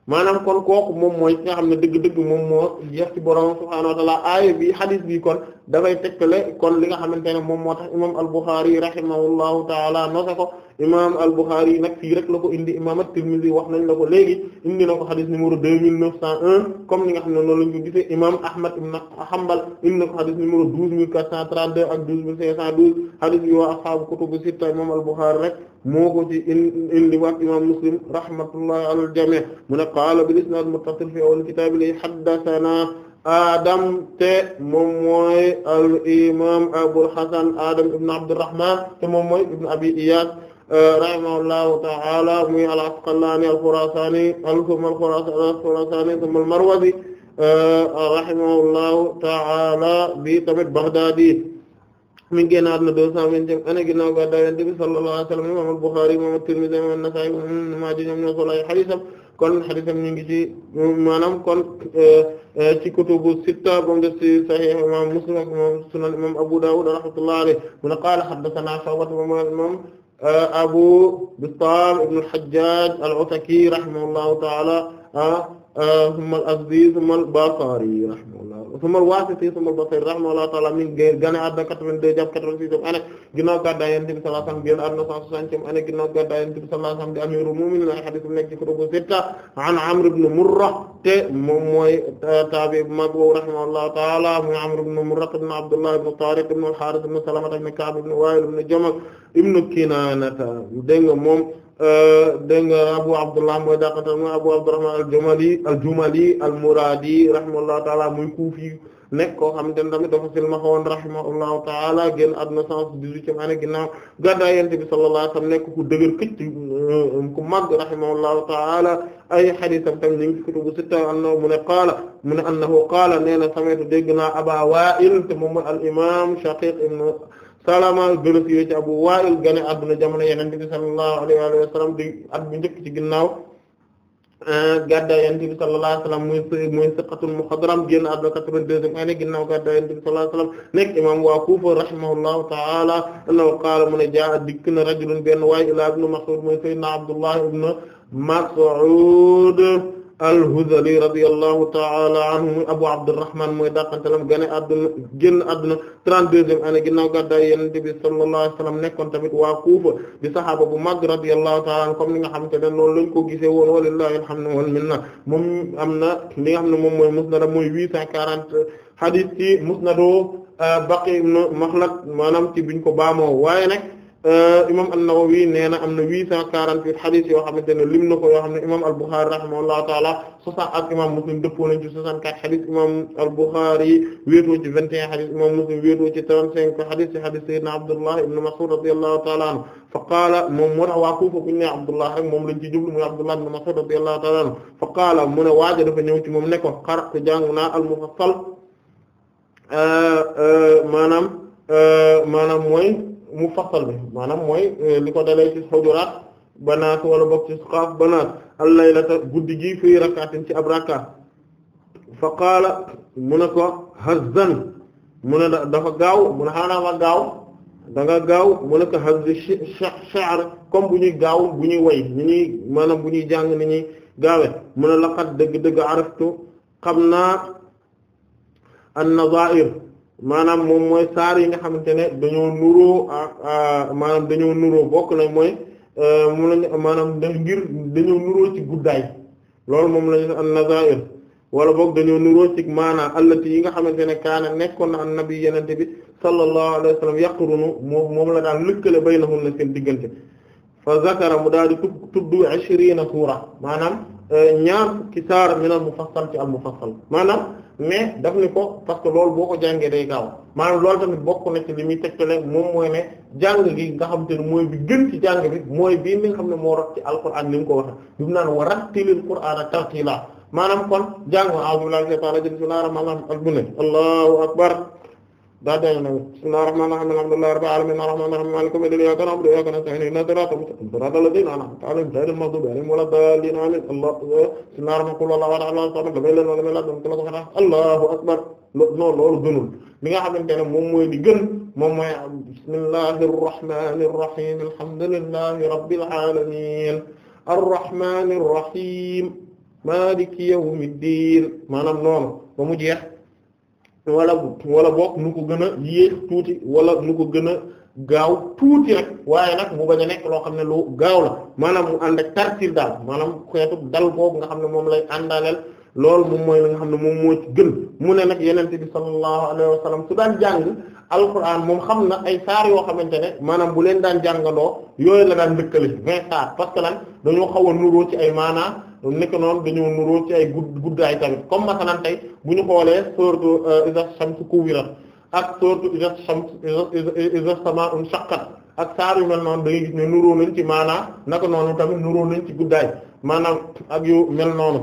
maanaam kon kooku moom mooy ki nga xam ne dëgg-dëgg moom moo jeex ci borom subhaanahu wa ta'ala aaya bi hadith bi kon dafay tekkale kon li nga xamante ne moom moo tax imam al-Bukhari rahimahullahu taala noose ko imam al-Bukhari nag fii rek la ko indi imam at-Tirmidhi wax nañ la ko léegi indi na ko xadis numéro deux mille neuf cent un comme ni nga xam ne noonu lañ imam Ahmad ibn Hanbal indi na ko xadis numéro douze mille quatre cent trente-deux ak douze mille cinq cent douze xadis bi waa ashaabu sitta imam al-Bukhari rek moo ko ci indi waat imam Muslim rahmatullahi ala al-jami' mu ne qaala bil isnad muttasil fi awwal kitaab li haddathana adam te moom mooy al imam Abul Hasan Adam ibn Abdurrahman te moom mooy ibn Abi Iyas rahimahullahu ta'ala muy al-Asqalani al-Khurasani al-Khurasani thumma al-Marwazi rahimahullahu ta'ala bi tamit Baghdadi mi ngi génn àdduna deux cent vingtième année ginnaaw gàddaay Yonent bi sallallahu alayhi wa sallam imam al-Bukhari imam at-Tirmidhi imam an-Nasa'i ñoom ñoo solo ay hadiisam kon xadisam ñu ngi ci maanaam kon euh, euh, ci kutubu sitta bo ndes ci sahih imam muslim ak imam sunan imam abu dawud rahmatullahi alayhi mu ne qaala haddathana sawbat imam euh, abu bistam ibn al-hajjaj al-utaki rahimahullahu ta'ala ah, summa al-Azdi summa al-Basri rahimahullah summa al-Wasiti summa al-Basri rahimahullah ta'ala mi ngi génn àdduna 82 jàpp 86 ane ginnaaw gàddaay Yonent bi sallallahu alayhi wasallam génn àdduna 160 ane ginnaaw gàddaay Yonent bi sallallahu alayhi wasallam di amiirul mu'miniin ay hadiis bu nekk ci kutubu sitta an Amr ibn Murra te moom mooy euh, taabi bu mag boobu rahimahullah ta'ala mu Amr ibn Murra ibn Abdullah ibn Tariq ibn al-Harith ibn Salama ibn Ka'b ibn Wa'il ibn Jamal ibn Kinana dégg nga moom Euh, dégg nga Abu Abdullah mooy daqata mooy Abu Abdurrahman al-Jumali al-Jumali al-Muradi rahimahullahu ta'ala muy kuufi nekk koo xamante ne tamit dafa silmaxa woon rahimahullahu ta'ala génn àdduna cent dix-huitième année ginnaaw gàddaay Yonent bi sallallahu alayhi wasallam nekk ku dëgër këcc euh, ku màgg rahimahullahu ta'ala ay hadiisam tam ñu ngi ci kutubu sitta annahu mu ne qaala mu ne annahu qaala nee na sami'tu dégg naa Aba Wa'il te moom al-imaam Shaqiq ibn Salama al-Balusi ci Abu Wa'il gane adduna jamono Yonent bi sallallahu alayhi wa sallam di at bu njëkk ci ginnaaw eh, gàddaay bi sallallahu alayhi wa sallam muy muy siqatul muxadram génn adduna 82 waa Kufa mu ne jaa'a dikk na rajulun benn waay ilaa Ibn Mas'ud muy Sayyidina Abdullah ibn Mas'ud al-Hudhali radiyallahu ta'ala anhu muy Abu Abdurrahman mooy dàqantalam gane àdduna génn àdduna 32e année ginnaaw gàddaay Yonent bi sallallahu alayhi wa sallam nekkoon tamit waa Kufa di saxaaba bu mag radiyallahu ta'ala anhu comme ni nga xamante ne noonu lañ ko gisee woon walillahi alhamdu wal minna moom am na li nga xam ne moom mooy musnad mooy 840 hadith ci musnadu euh, Baqi ibn Makhlad maanaam ci biñ ko baamoo waaye nag. Euh, imam an-Nawawi nee na am na 848 xadis yoo xamante ne lim na ko yoo xam ne imam al-Bukhari rahimahullahu taala 60 ak imam Muslim dëppoo nañ ci 64 xadis imam al-Bukhari wéetoo ci 21 xadis imam Muslim wéetoo ci 35 xadis ci xadis sayyidina Abdullah ibn Mas'ud radiyallahu taala anhu fa qaala moom moo tax ci jublu muy Abdullah ibn Mas'ud radiyallahu taala anhu fa qaala mu ne waaja dafa ñëw ci moom ne ko xar jàng naa al-Mufassal euh, euh, maanaam maanaam mooy mu fassal bi maanaam mooy euh, li ko dalee ci xujuraat banaat wala bokk ci qaaf banaat al-laylata guddi gi fii rakaatin ci ab rakkaat fa qaala mu na ko hazzan mu ne dafa gaaw mu na xanaa ma gaaw danga gaaw mu ne ko hazzi sha'r comme bu ñuy gaaw bu ñuy way ni ñuy maanaam bu ñuy jàng ni ñuy gaawe mu ne laqad dëgg-dëgg araftu xam naa an-nazaa'ir maanaam moom mooy saar yi nga xamante ne dañoo nuroo ak ah, maanaam dañoo nuroo bokk na mooy euh, moom lañ maanaam da ngir dañoo nuroo ci guddaay loolu moom la lañ an nazair wala boog dañoo nuroo ci maanaa allati yi nga xamante ne kaana nekkoon na an nabi yenente bi sallallahu alayhi wa sallam yaqrunu moom moom la daan lëkkale baynahum na seen diggante fa zakara mu daal di tu tudd ashrina suura maanaam euh, ñaar ki saar min al mufassal ci al mufassal maanaam mais daf ni ko parce que loolu boo ko jàngee day gaaw maanaam loolu tamit bokk na ci li muy tegtale moom mooy ne jàng gi nga xam te ne mooy bi gën ci jàng bi mooy bii ni nga xam ne moo rot ci alquran ni mu ko waxe bi mu naan wa rattilil qur'ana tartila maanaam kon jàng a'udhu billahi minash shaitanir rajim bismillahir rahmanir rahim allahu akbar daa daañu nag bismillahir rahmanir rahim alhamdulillahi rabbil alamin arrahmanir rahim maliki yawmid din iyyaka na'budu wa iyyaka nasta'in ihdinas siratal mustaqim siratal ladzina an'amta alayhim ghayril maghdubi alayhim walad dallin amin allah bismillahir rahmanir qul huwallahu ahad allahu samad lam yalid wa lam yulad wa lam yakul lahu kufuwan ahad allahu akbar noonu loolu gënul li nga xamante ne moom mooy di gën moom mooy bismillahir rahmanir rahim alhamdulillahi rabbil alamin arrahmanir rahim maliki yawmid din maanaam noonu ba mu jeex wala wala bokk nu ko gën a yéex tuuti wala nu ko gën a gaaw tuuti rek waaye nag mu bañ ne loo xam ne lu gaaw la maanaam mu ànd ak tartiir daal maanaam xeetu dal boobu nga xam ne moom lay àndaaleel lool moom mooy la nga xam ne moom moo ci gën mu ne nag yenente bi sallallahu alayhi wa sallam su daan jàng alquran moom xam na ay saar yoo xamante ne maanaam bu leen daan jàngandoo yooyu la daan dëkkale vingt saar parce lan dañoo xaw nuroo ci ay maanaa nekk noonu dañoo nuróo ci ay gudd guddaay tamit comme masalan bu ñu xoolee sourate euh, iza shamsu kuwirat ak sourate iza shamsu iza samaa'u shaqqat ak saar yu mel noonu da ngay nañ ci maanaam naka noonu tamit nuróo nañ ci guddaay maanaam ak yu mel noonu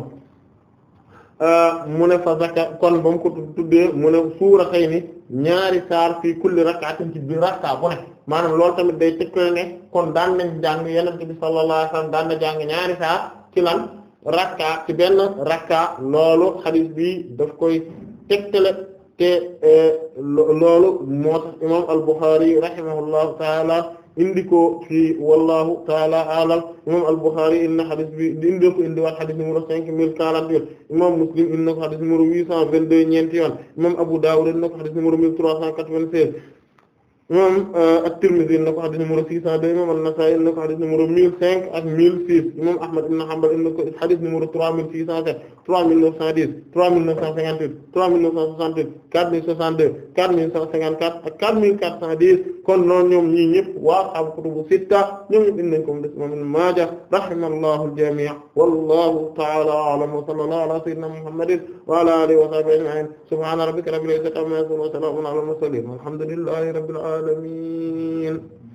euh, mu ne fa zaka kon ba mu ko tuddee mu ne suura xëy ni ñaari saar fii kulli rak'atin ci bi rakka bu ne maanaam lool tamit day tëkkale ne kon daan nañ jàng yenente bi sallallahu alayhi daan na jàng ñaari saar ci lan rakka ci benn rakka loolu xadis bi daf koy tegtale te eh, loolu moo tax imam al-Bukhari rahimahullahu taala indi ko fi wallahu taala alam imam al-Bukhari inna xadis bi indi ko indi waat xadis numéro cinq mille quarante yoon imam Muslim inna ko xadis numéro huit cent vingt-deux ñeenti yoon imam Abu Dawud inna ko xadis numéro mille trois cent quatre-vingt-seize imam euh, at-Tirmidhi na ko xadis numéro six cent deux imam an-Nasa'i na ko xadis numéro mille cinq ak mille six imam Ahmad ibn Hanbal na ko xadis numéro trois mille six cent sept trois mille neuf cent dix trois mille neuf cent cinquante-huit trois mille neuf cent soixante-huit quatre mille soixante-deux quatre mille cent cinquante-quatre ak quatre mille quatre cent dix kon noonu ñoom ñii ñëpp waa xam kutubu sitta ñoom ñëpp innañ ko mu des imam Ibn Maaja rahimallahu al-jamii' wallahu ta'ala a'lam wa sallallahu ala sayyidina Muhammadin wa ala alihi wa sahbihi ajma'in subhana rabbika rabbil izzati amma yasifun wa salamun ala al-mursalin walhamdulillahi rabbil alamin